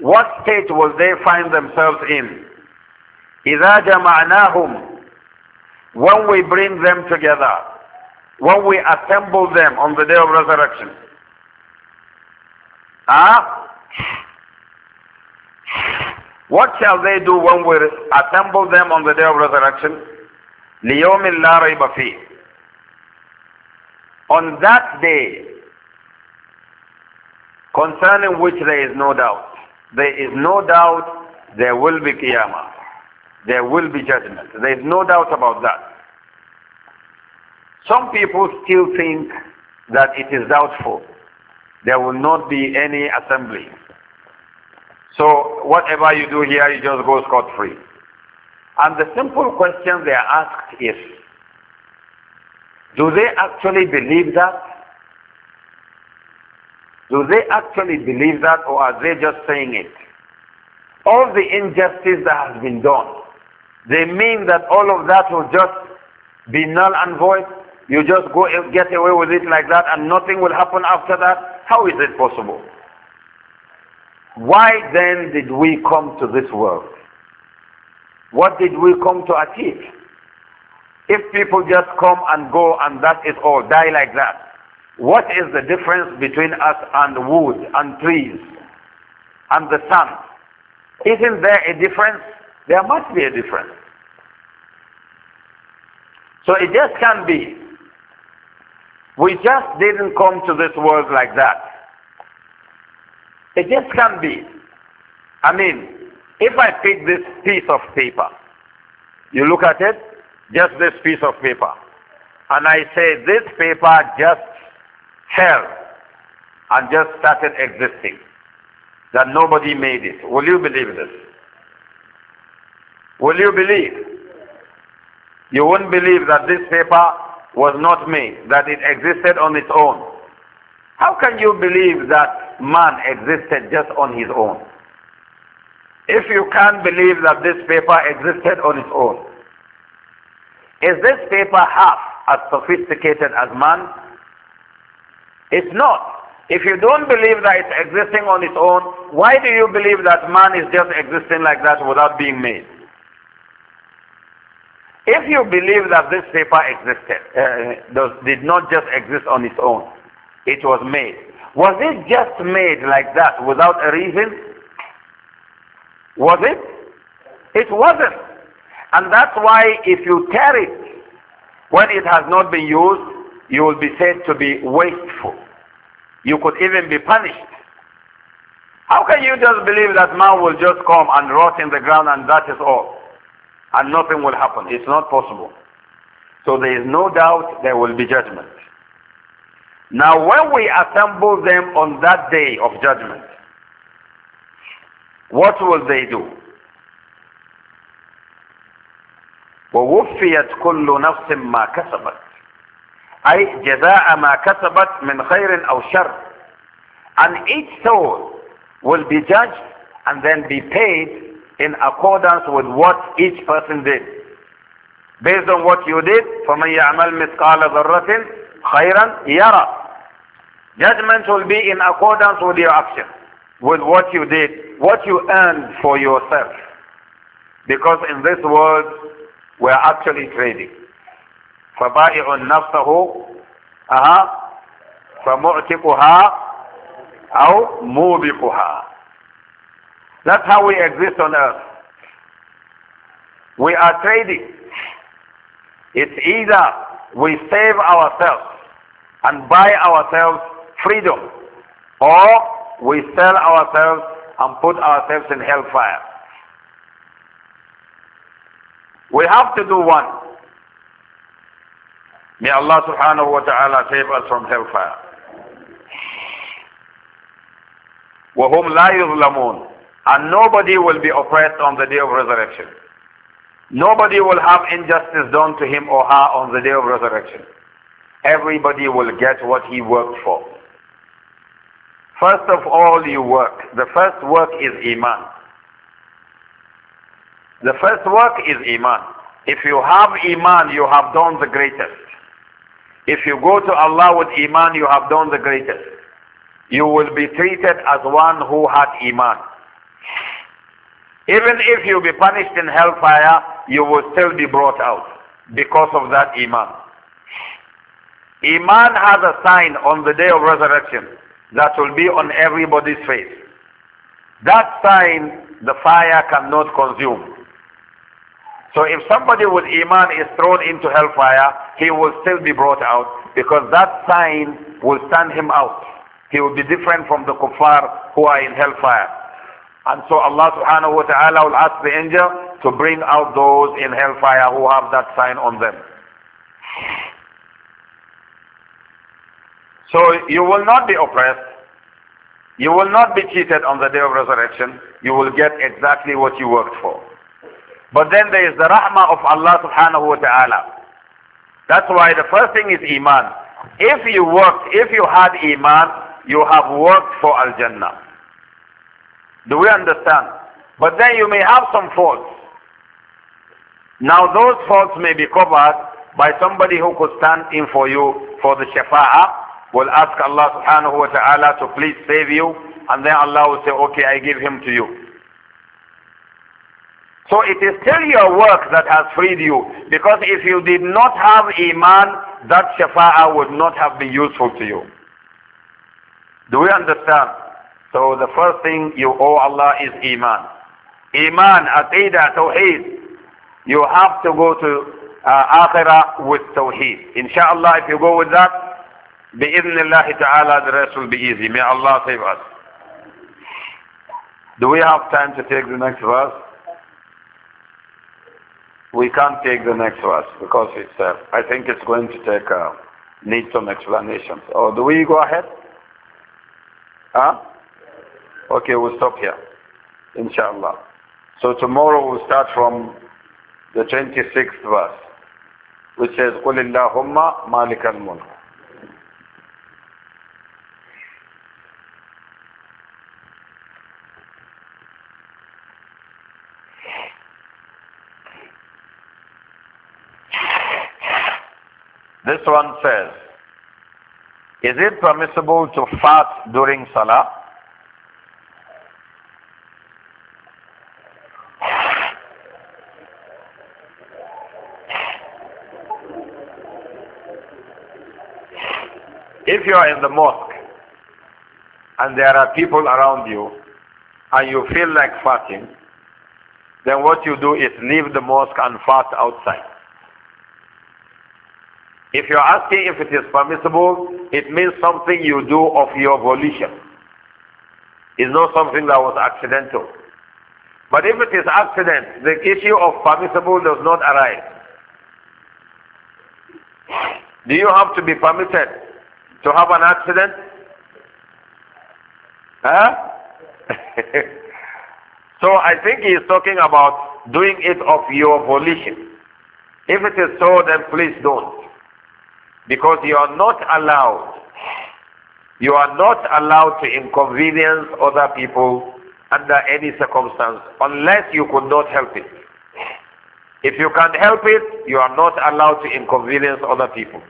What state will they find themselves in? إِذَا جَمَعْنَاهُمْ When we bring them together, when we assemble them on the day of resurrection. Huh? What shall they do when we assemble them on the day of resurrection? لِيَوْمٍ لَا رَيْبَ فِيهِ on that day concerning which there is no doubt. There is no doubt there will be Qiyamah. There will be judgment. There is no doubt about that. Some people still think that it is doubtful. There will not be any assembly. So whatever you do here, you just go scot-free. And the simple question they are asked is, do they actually believe that? Do they actually believe that or are they just saying it? All the injustice that has been done, they mean that all of that will just be null and void? You just go and get away with it like that and nothing will happen after that? How is it possible? Why then did we come to this world? What did we come to achieve? If people just come and go and that is all, die like that, what is the difference between us and wood and trees and the sun? Isn't there a difference? There must be a difference. So it just can't be. We just didn't come to this world like that. It just can't be. I mean, if I pick this piece of paper, you look at it, just this piece of paper. And I say this paper just held and just started existing. That nobody made it. Will you believe this? Will you believe? You won't believe that this paper was not made, that it existed on its own. How can you believe that man existed just on his own? If you can't believe that this paper existed on its own, is this paper half as sophisticated as man? It's not. If you don't believe that it's existing on its own, why do you believe that man is just existing like that without being made? If you believe that this paper existed, uh, does, did not just exist on its own, it was made. Was it just made like that without a reason? Was it? It wasn't. And that's why if you tear it when it has not been used, you will be said to be wasteful. You could even be punished. How can you just believe that man will just come and rot in the ground and that is all? And nothing will happen. It's not possible. So there is no doubt there will be judgment. Now when we assemble them on that day of judgment, what will they do? ووفيت كل نفس ما كسبت أي جزاء ما كسبت من خير أو شر and each soul will be judged and then be paid in accordance with what each person did based on what you did فمن يعمل مثقال ذرة خيرا يرى judgment will be in accordance with your action with what you did what you earned for yourself because in this world were actually trading. فَبَائِعٌ نَفْسَهُ أَهَا فَمُعْتِقُهَا أَوْ مُوبِقُهَا That's how we exist on earth. We are trading. It's either we save ourselves and buy ourselves freedom or we sell ourselves and put ourselves in hellfire. We have to do one. May Allah subhanahu wa ta'ala save us from hellfire. وَهُمْ لَا يُظْلَمُونَ And nobody will be oppressed on the day of resurrection. Nobody will have injustice done to him or her on the day of resurrection. Everybody will get what he worked for. First of all, you work. The first work is Iman. The first work is Iman. If you have Iman, you have done the greatest. If you go to Allah with Iman, you have done the greatest. You will be treated as one who had Iman. Even if you be punished in hellfire, you will still be brought out because of that Iman. Iman has a sign on the day of resurrection that will be on everybody's face. That sign the fire cannot consume. So if somebody with Iman is thrown into hellfire, he will still be brought out because that sign will stand him out. He will be different from the kuffar who are in hellfire. And so Allah subhanahu wa ta'ala will ask the angel to bring out those in hellfire who have that sign on them. So you will not be oppressed. You will not be cheated on the day of resurrection. You will get exactly what you worked for. But then there is the rahmah of Allah subhanahu wa ta'ala. That's why the first thing is Iman. If you worked, if you had Iman, you have worked for Al-Jannah. Do we understand? But then you may have some faults. Now those faults may be covered by somebody who could stand in for you for the shafa'ah. Will ask Allah subhanahu wa ta'ala to please save you. And then Allah will say, okay, I give him to you. So it is still your work that has freed you. Because if you did not have Iman, that Shafa'ah would not have been useful to you. Do we understand? So the first thing you owe Allah is Iman. Iman, Aqidah, Tawheed. You have to go to uh, Akhirah with Tawheed. Inshallah, if you go with that, bi'idhnillahi ta'ala, the rest will be easy. May Allah save us. Do we have time to take the next verse? We can't take the next verse because it's, uh, I think it's going to take, uh, need some explanations. Or oh, do we go ahead? Huh? Okay, we'll stop here. Inshallah. So tomorrow we'll start from the 26th verse, which says, قُلِ اللَّهُمَّ مَالِكَ الْمُلْكِ This one says, is it permissible to fast during Salah? If you are in the mosque and there are people around you and you feel like fasting, then what you do is leave the mosque and fast outside. If you're asking if it is permissible, it means something you do of your volition. It's not something that was accidental. But if it is accident, the issue of permissible does not arise. Do you have to be permitted to have an accident? Huh? so I think he is talking about doing it of your volition. If it is so, then please don't. Because you are not allowed, you are not allowed to inconvenience other people under any circumstance unless you could not help it. If you can't help it, you are not allowed to inconvenience other people.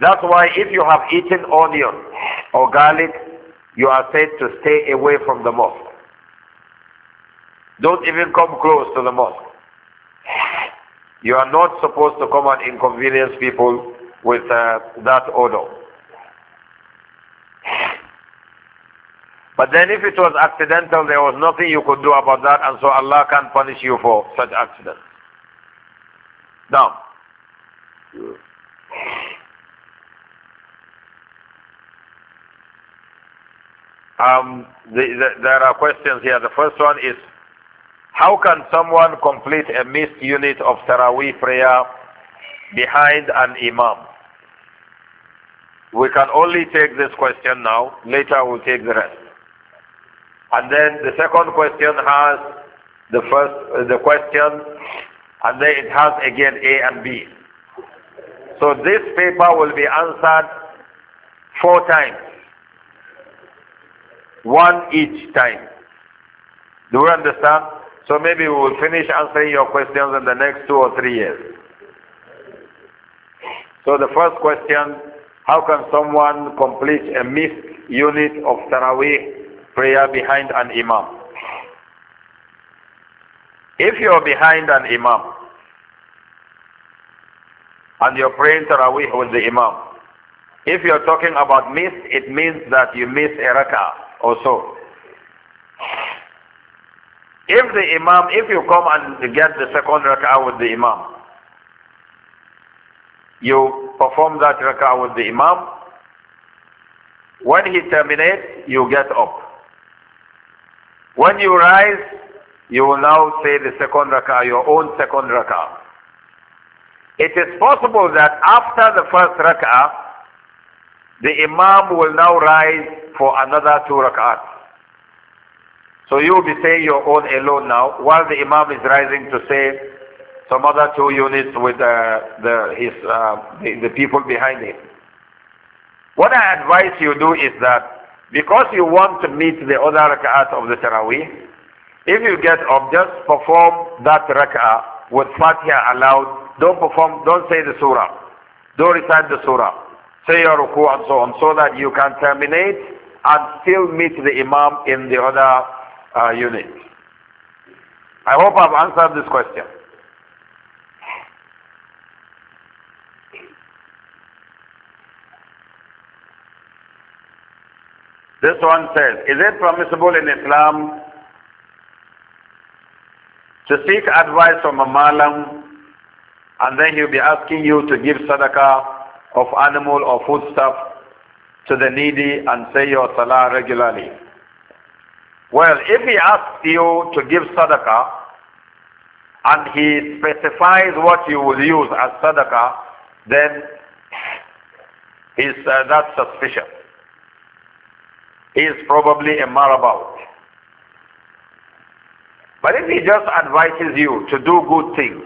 That's why if you have eaten onion or garlic, you are said to stay away from the mosque. Don't even come close to the mosque. You are not supposed to come and inconvenience people with uh, that order, But then if it was accidental, there was nothing you could do about that, and so Allah can't punish you for such accidents. Now, um, the, the, there are questions here. The first one is, how can someone complete a missed unit of Taraweeh prayer behind an imam? We can only take this question now. Later we'll take the rest. And then the second question has the first, uh, the question, and then it has again A and B. So this paper will be answered four times. One each time. Do you understand? So maybe we will finish answering your questions in the next two or three years. So the first question how can someone complete a missed unit of Taraweeh prayer behind an imam? If you're behind an imam and you're praying Taraweeh with the imam, if you're talking about missed, it means that you miss a rak'ah or so. If the imam, if you come and get the second rak'ah with the imam, you perform that rak'ah with the imam. When he terminates, you get up. When you rise, you will now say the second rak'ah, your own second rak'ah. It is possible that after the first rak'ah, the imam will now rise for another two rak'ahs. So you will be saying your own alone now, while the imam is rising to say some other two units with uh, the, his, uh, the, the people behind him. What I advise you do is that because you want to meet the other rak'at of the Taraweeh, if you get up, just perform that rak'ah with Fatiha aloud. Don't perform, don't say the surah. Don't recite the surah. Say your ruku and so on, so that you can terminate and still meet the imam in the other uh, unit. I hope I've answered this question. This one says, is it permissible in Islam to seek advice from a malam and then he'll be asking you to give sadaqah of animal or foodstuff to the needy and say your salah regularly? Well, if he asks you to give sadaqah and he specifies what you will use as sadaqah, then is uh, that suspicious is probably a marabout. But if he just advises you to do good things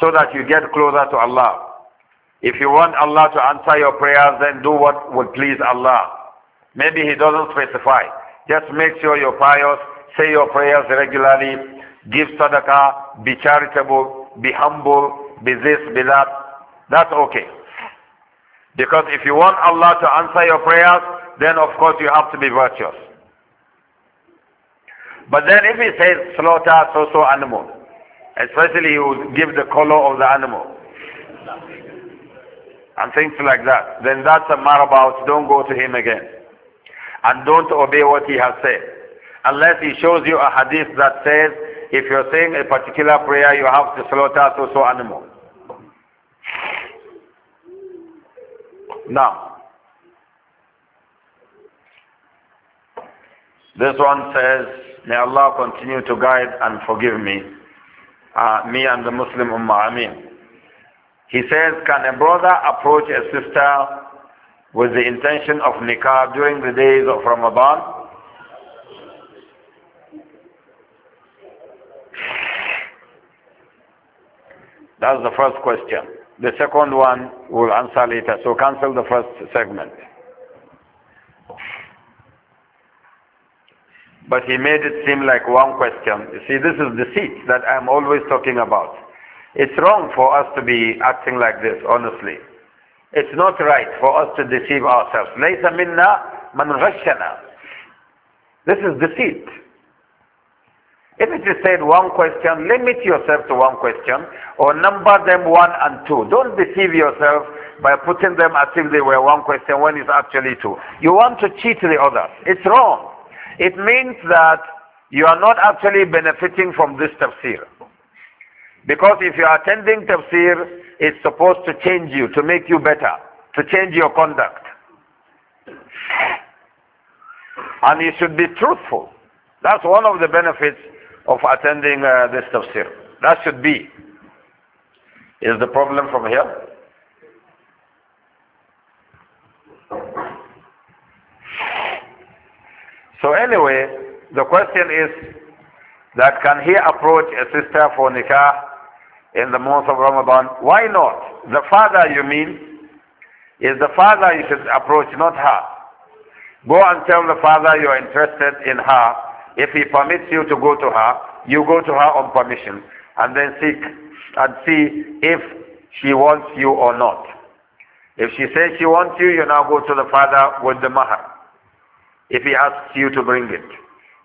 so that you get closer to Allah, if you want Allah to answer your prayers, then do what would please Allah. Maybe he doesn't specify. Just make sure you're pious, say your prayers regularly, give sadaqah, be charitable, be humble, be this, be that. That's okay. Because if you want Allah to answer your prayers, then of course you have to be virtuous. But then if he says slaughter so so animal, especially he would give the color of the animal and things like that, then that's a marabout. Don't go to him again. And don't obey what he has said. Unless he shows you a hadith that says if you're saying a particular prayer, you have to slaughter so so animal. Now, This one says, May Allah continue to guide and forgive me, uh, me and the Muslim Ummah. I mean, he says, Can a brother approach a sister with the intention of nikah during the days of Ramadan? That's the first question. The second one we'll answer later, so cancel the first segment. But he made it seem like one question. You see, this is deceit that I'm always talking about. It's wrong for us to be acting like this, honestly. It's not right for us to deceive ourselves. لَيْسَ مِنَّا This is deceit. If it is said one question, limit yourself to one question or number them one and two. Don't deceive yourself by putting them as if they were one question when it's actually two. You want to cheat the others. It's wrong. It means that you are not actually benefiting from this tafsir. Because if you are attending tafsir, it's supposed to change you, to make you better, to change your conduct. And you should be truthful. That's one of the benefits of attending uh, this tafsir. That should be. Is the problem from here? So anyway, the question is that can he approach a sister for nikah in the month of Ramadan? Why not? The father you mean is the father you should approach, not her. Go and tell the father you are interested in her. If he permits you to go to her, you go to her on permission and then seek and see if she wants you or not. If she says she wants you, you now go to the father with the mahar if he asks you to bring it.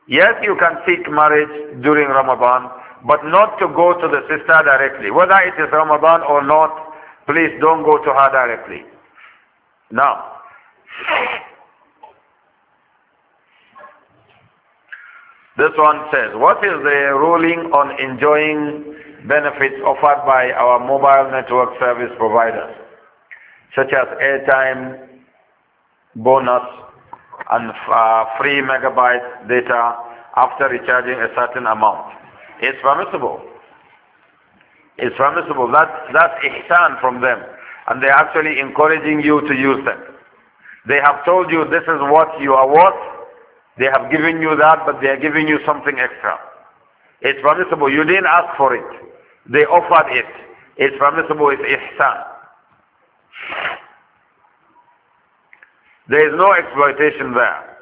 Yes, you can seek marriage during Ramadan, but not to go to the sister directly. Whether it is Ramadan or not, please don't go to her directly. Now, This one says, what is the ruling on enjoying benefits offered by our mobile network service providers, such as airtime, bonus, and uh, 3 megabytes data after recharging a certain amount. It's permissible. It's permissible. That, that's ihsan from them. And they're actually encouraging you to use them. They have told you this is what you are worth. They have given you that, but they are giving you something extra. It's permissible. You didn't ask for it. They offered it. It's permissible. It's ihsan. There is no exploitation there.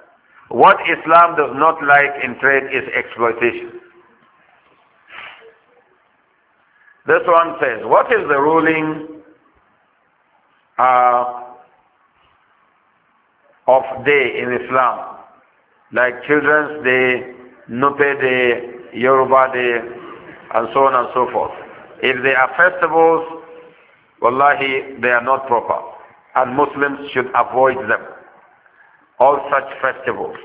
What Islam does not like in trade is exploitation. This one says, what is the ruling uh, of day in Islam? Like Children's Day, Nupe Day, Yoruba Day, and so on and so forth. If they are festivals, wallahi, they are not proper. And Muslims should avoid them all such festivals.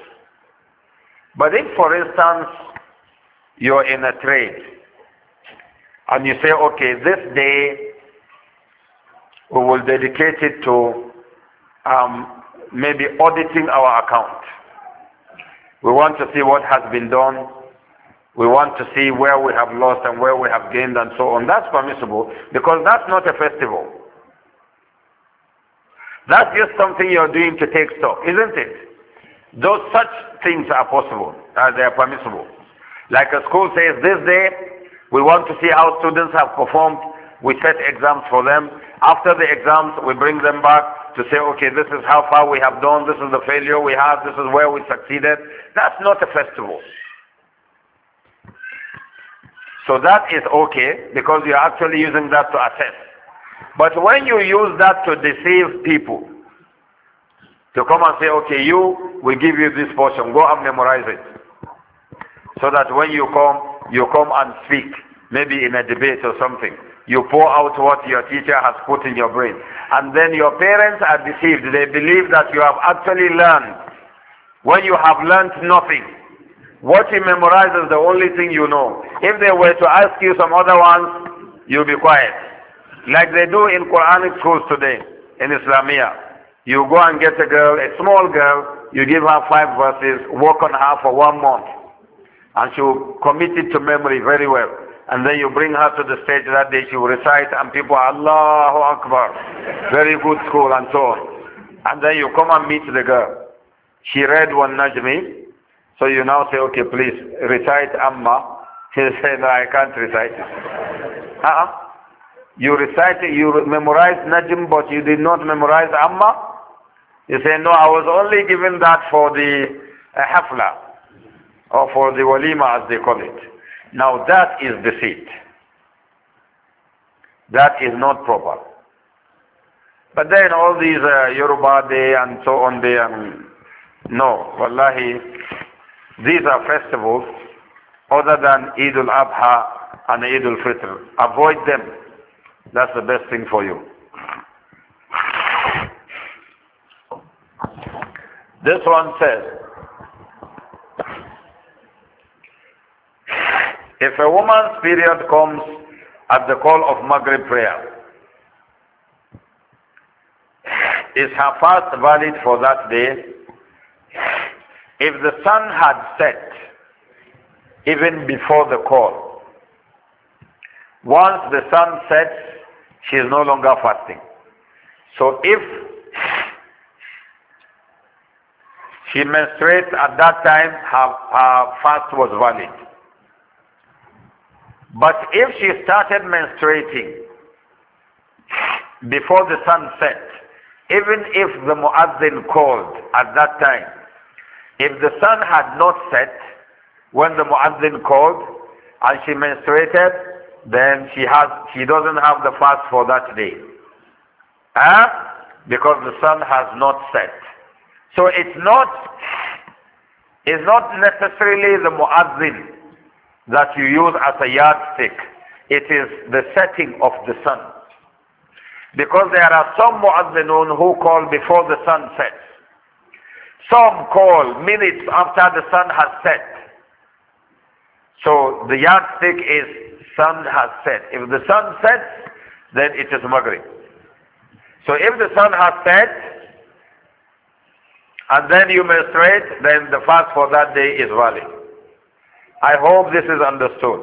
But if, for instance, you're in a trade and you say, okay, this day we will dedicate it to um, maybe auditing our account. We want to see what has been done. We want to see where we have lost and where we have gained and so on. That's permissible because that's not a festival. That's just something you're doing to take stock, isn't it? Those such things are possible, uh, they are permissible. Like a school says, this day we want to see how students have performed. We set exams for them. After the exams, we bring them back to say, okay, this is how far we have done. This is the failure we have. This is where we succeeded. That's not a festival. So that is okay because you're actually using that to assess. But when you use that to deceive people, to come and say, okay, you, we give you this portion, go and memorize it. So that when you come, you come and speak, maybe in a debate or something. You pour out what your teacher has put in your brain. And then your parents are deceived. They believe that you have actually learned when you have learned nothing. What you memorize is the only thing you know. If they were to ask you some other ones, you'll be quiet. Like they do in Quranic schools today, in Islamia. You go and get a girl, a small girl, you give her five verses, work on her for one month. And she will commit it to memory very well. And then you bring her to the stage that day, she will recite, and people, Allahu Akbar. Very good school, and so on. And then you come and meet the girl. She read one Najmi, so you now say, okay, please recite Amma. She said, no, I can't recite it. Uh -uh. You recited, you memorized Najm, but you did not memorize Amma. You say, no, I was only given that for the uh, Hafla, or for the Walima as they call it. Now that is deceit. That is not proper. But then all these uh, Yoruba Day and so on They, um, no, wallahi, these are festivals other than Eid al-Abha and Eid al-Fitr. Avoid them. That's the best thing for you. This one says, if a woman's period comes at the call of Maghrib prayer, is her fast valid for that day? If the sun had set even before the call, once the sun sets, she is no longer fasting. So if she menstruates at that time, her, her fast was valid. But if she started menstruating before the sun set, even if the muazzin called at that time, if the sun had not set when the muazzin called and she menstruated, then she has she doesn't have the fast for that day. Huh? Because the sun has not set. So it's not it's not necessarily the muazzin that you use as a yardstick. It is the setting of the sun. Because there are some muazzinun who call before the sun sets. Some call minutes after the sun has set. So the yardstick is sun has set. If the sun sets, then it is Maghrib. So if the sun has set, and then you menstruate, then the fast for that day is valid. I hope this is understood.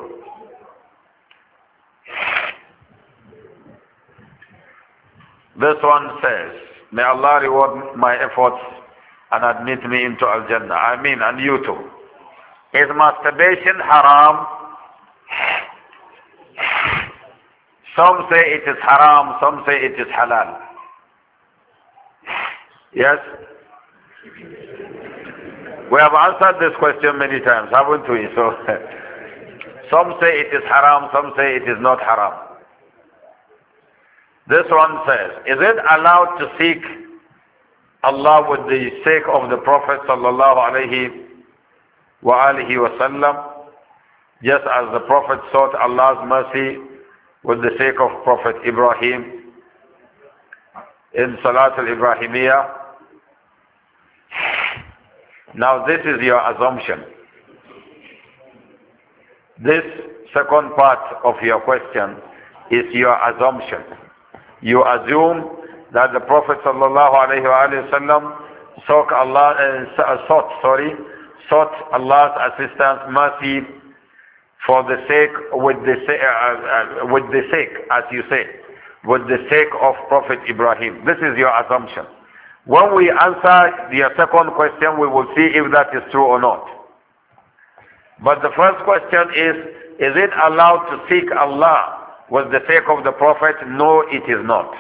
This one says, May Allah reward my efforts and admit me into Al-Jannah. I mean, and you too. Is masturbation haram? Some say it is haram, some say it is halal. Yes? We have answered this question many times, haven't we? So, some say it is haram, some say it is not haram. This one says, is it allowed to seek Allah with the sake of the Prophet sallallahu alaihi wasallam, just as the Prophet sought Allah's mercy with the sake of Prophet Ibrahim in Salat al-Ibrahimiyya. Now this is your assumption. This second part of your question is your assumption. You assume that the Prophet sallallahu alaihi wasallam sought Allah uh, sought sorry sought Allah's assistance, mercy for the sake, with the, uh, uh, with the sake, as you say, with the sake of Prophet Ibrahim. This is your assumption. When we answer your second question, we will see if that is true or not. But the first question is, is it allowed to seek Allah with the sake of the Prophet? No, it is not.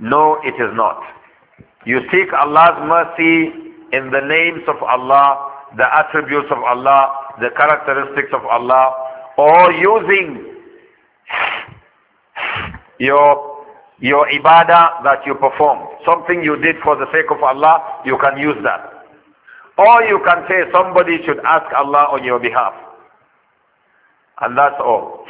No, it is not. You seek Allah's mercy in the names of Allah the attributes of Allah, the characteristics of Allah, or using your, your ibadah that you perform. Something you did for the sake of Allah, you can use that. Or you can say somebody should ask Allah on your behalf. And that's all.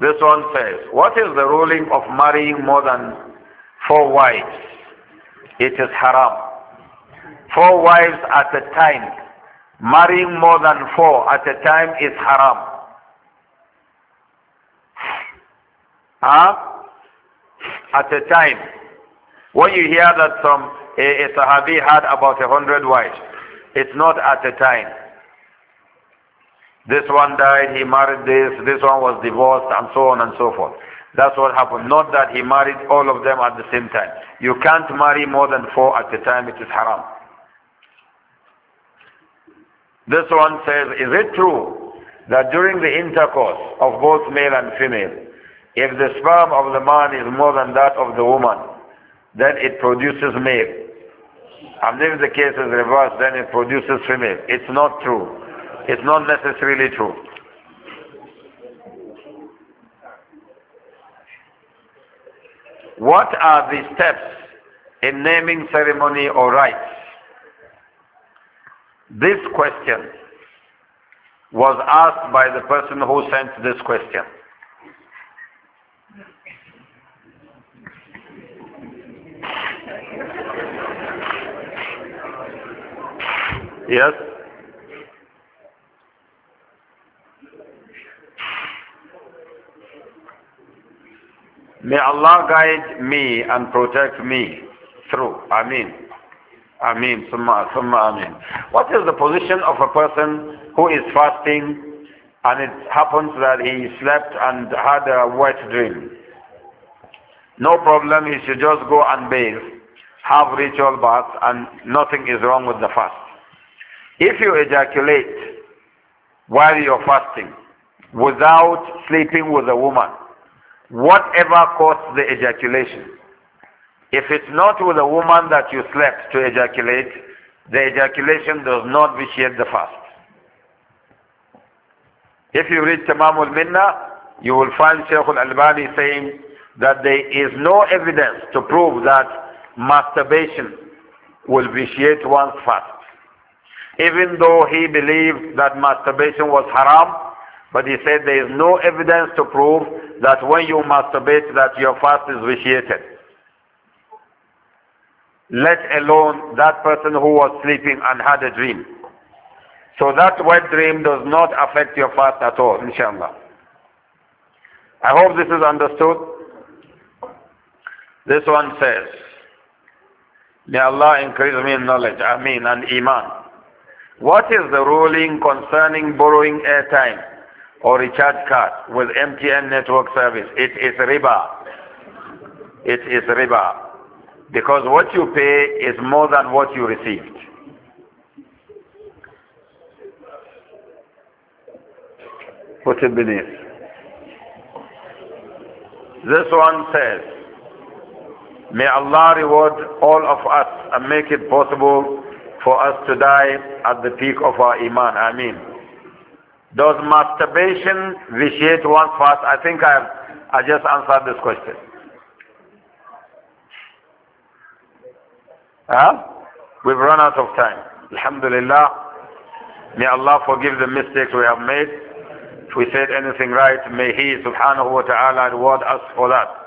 This one says, what is the ruling of marrying more than four wives? It is haram. Four wives at a time, marrying more than four at a time is haram. Huh? At a time. When you hear that some a, a Sahabi had about a hundred wives, it's not at a time. This one died, he married this, this one was divorced, and so on and so forth. That's what happened. Not that he married all of them at the same time. You can't marry more than four at a time. It is haram. This one says, is it true that during the intercourse of both male and female, if the sperm of the man is more than that of the woman, then it produces male. And if the case is reversed, then it produces female. It's not true. It's not necessarily true. What are the steps in naming ceremony or rites? This question was asked by the person who sent this question. Yes? May Allah guide me and protect me through. Ameen. Ameen. Summa, summa ameen. What is the position of a person who is fasting and it happens that he slept and had a wet dream? No problem, he should just go and bathe, have ritual bath and nothing is wrong with the fast. If you ejaculate while you're fasting without sleeping with a woman, whatever caused the ejaculation. If it's not with a woman that you slept to ejaculate, the ejaculation does not vitiate the fast. If you read Tamamul Minna, you will find Shaykh al-Albani saying that there is no evidence to prove that masturbation will vitiate one's fast. Even though he believed that masturbation was haram, but he said there is no evidence to prove that when you masturbate that your fast is vitiated. Let alone that person who was sleeping and had a dream. So that wet dream does not affect your fast at all, inshallah. I hope this is understood. This one says, May Allah increase me in knowledge, Ameen, and Iman. What is the ruling concerning borrowing airtime? or recharge card with MTN network service, it is riba. It is riba. Because what you pay is more than what you received. Put it beneath. This one says, May Allah reward all of us and make it possible for us to die at the peak of our Iman. Ameen. Does masturbation vitiate one's fast? I think I, I just answered this question. Huh? We've run out of time. Alhamdulillah. May Allah forgive the mistakes we have made. If we said anything right, may He subhanahu wa ta'ala reward us for that.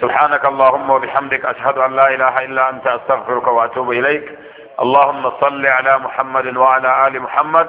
سبحانك اللهم وبحمدك أشهد أن لا إله إلا أنت أستغفرك وأتوب إليك اللهم صل على محمد وعلى آل محمد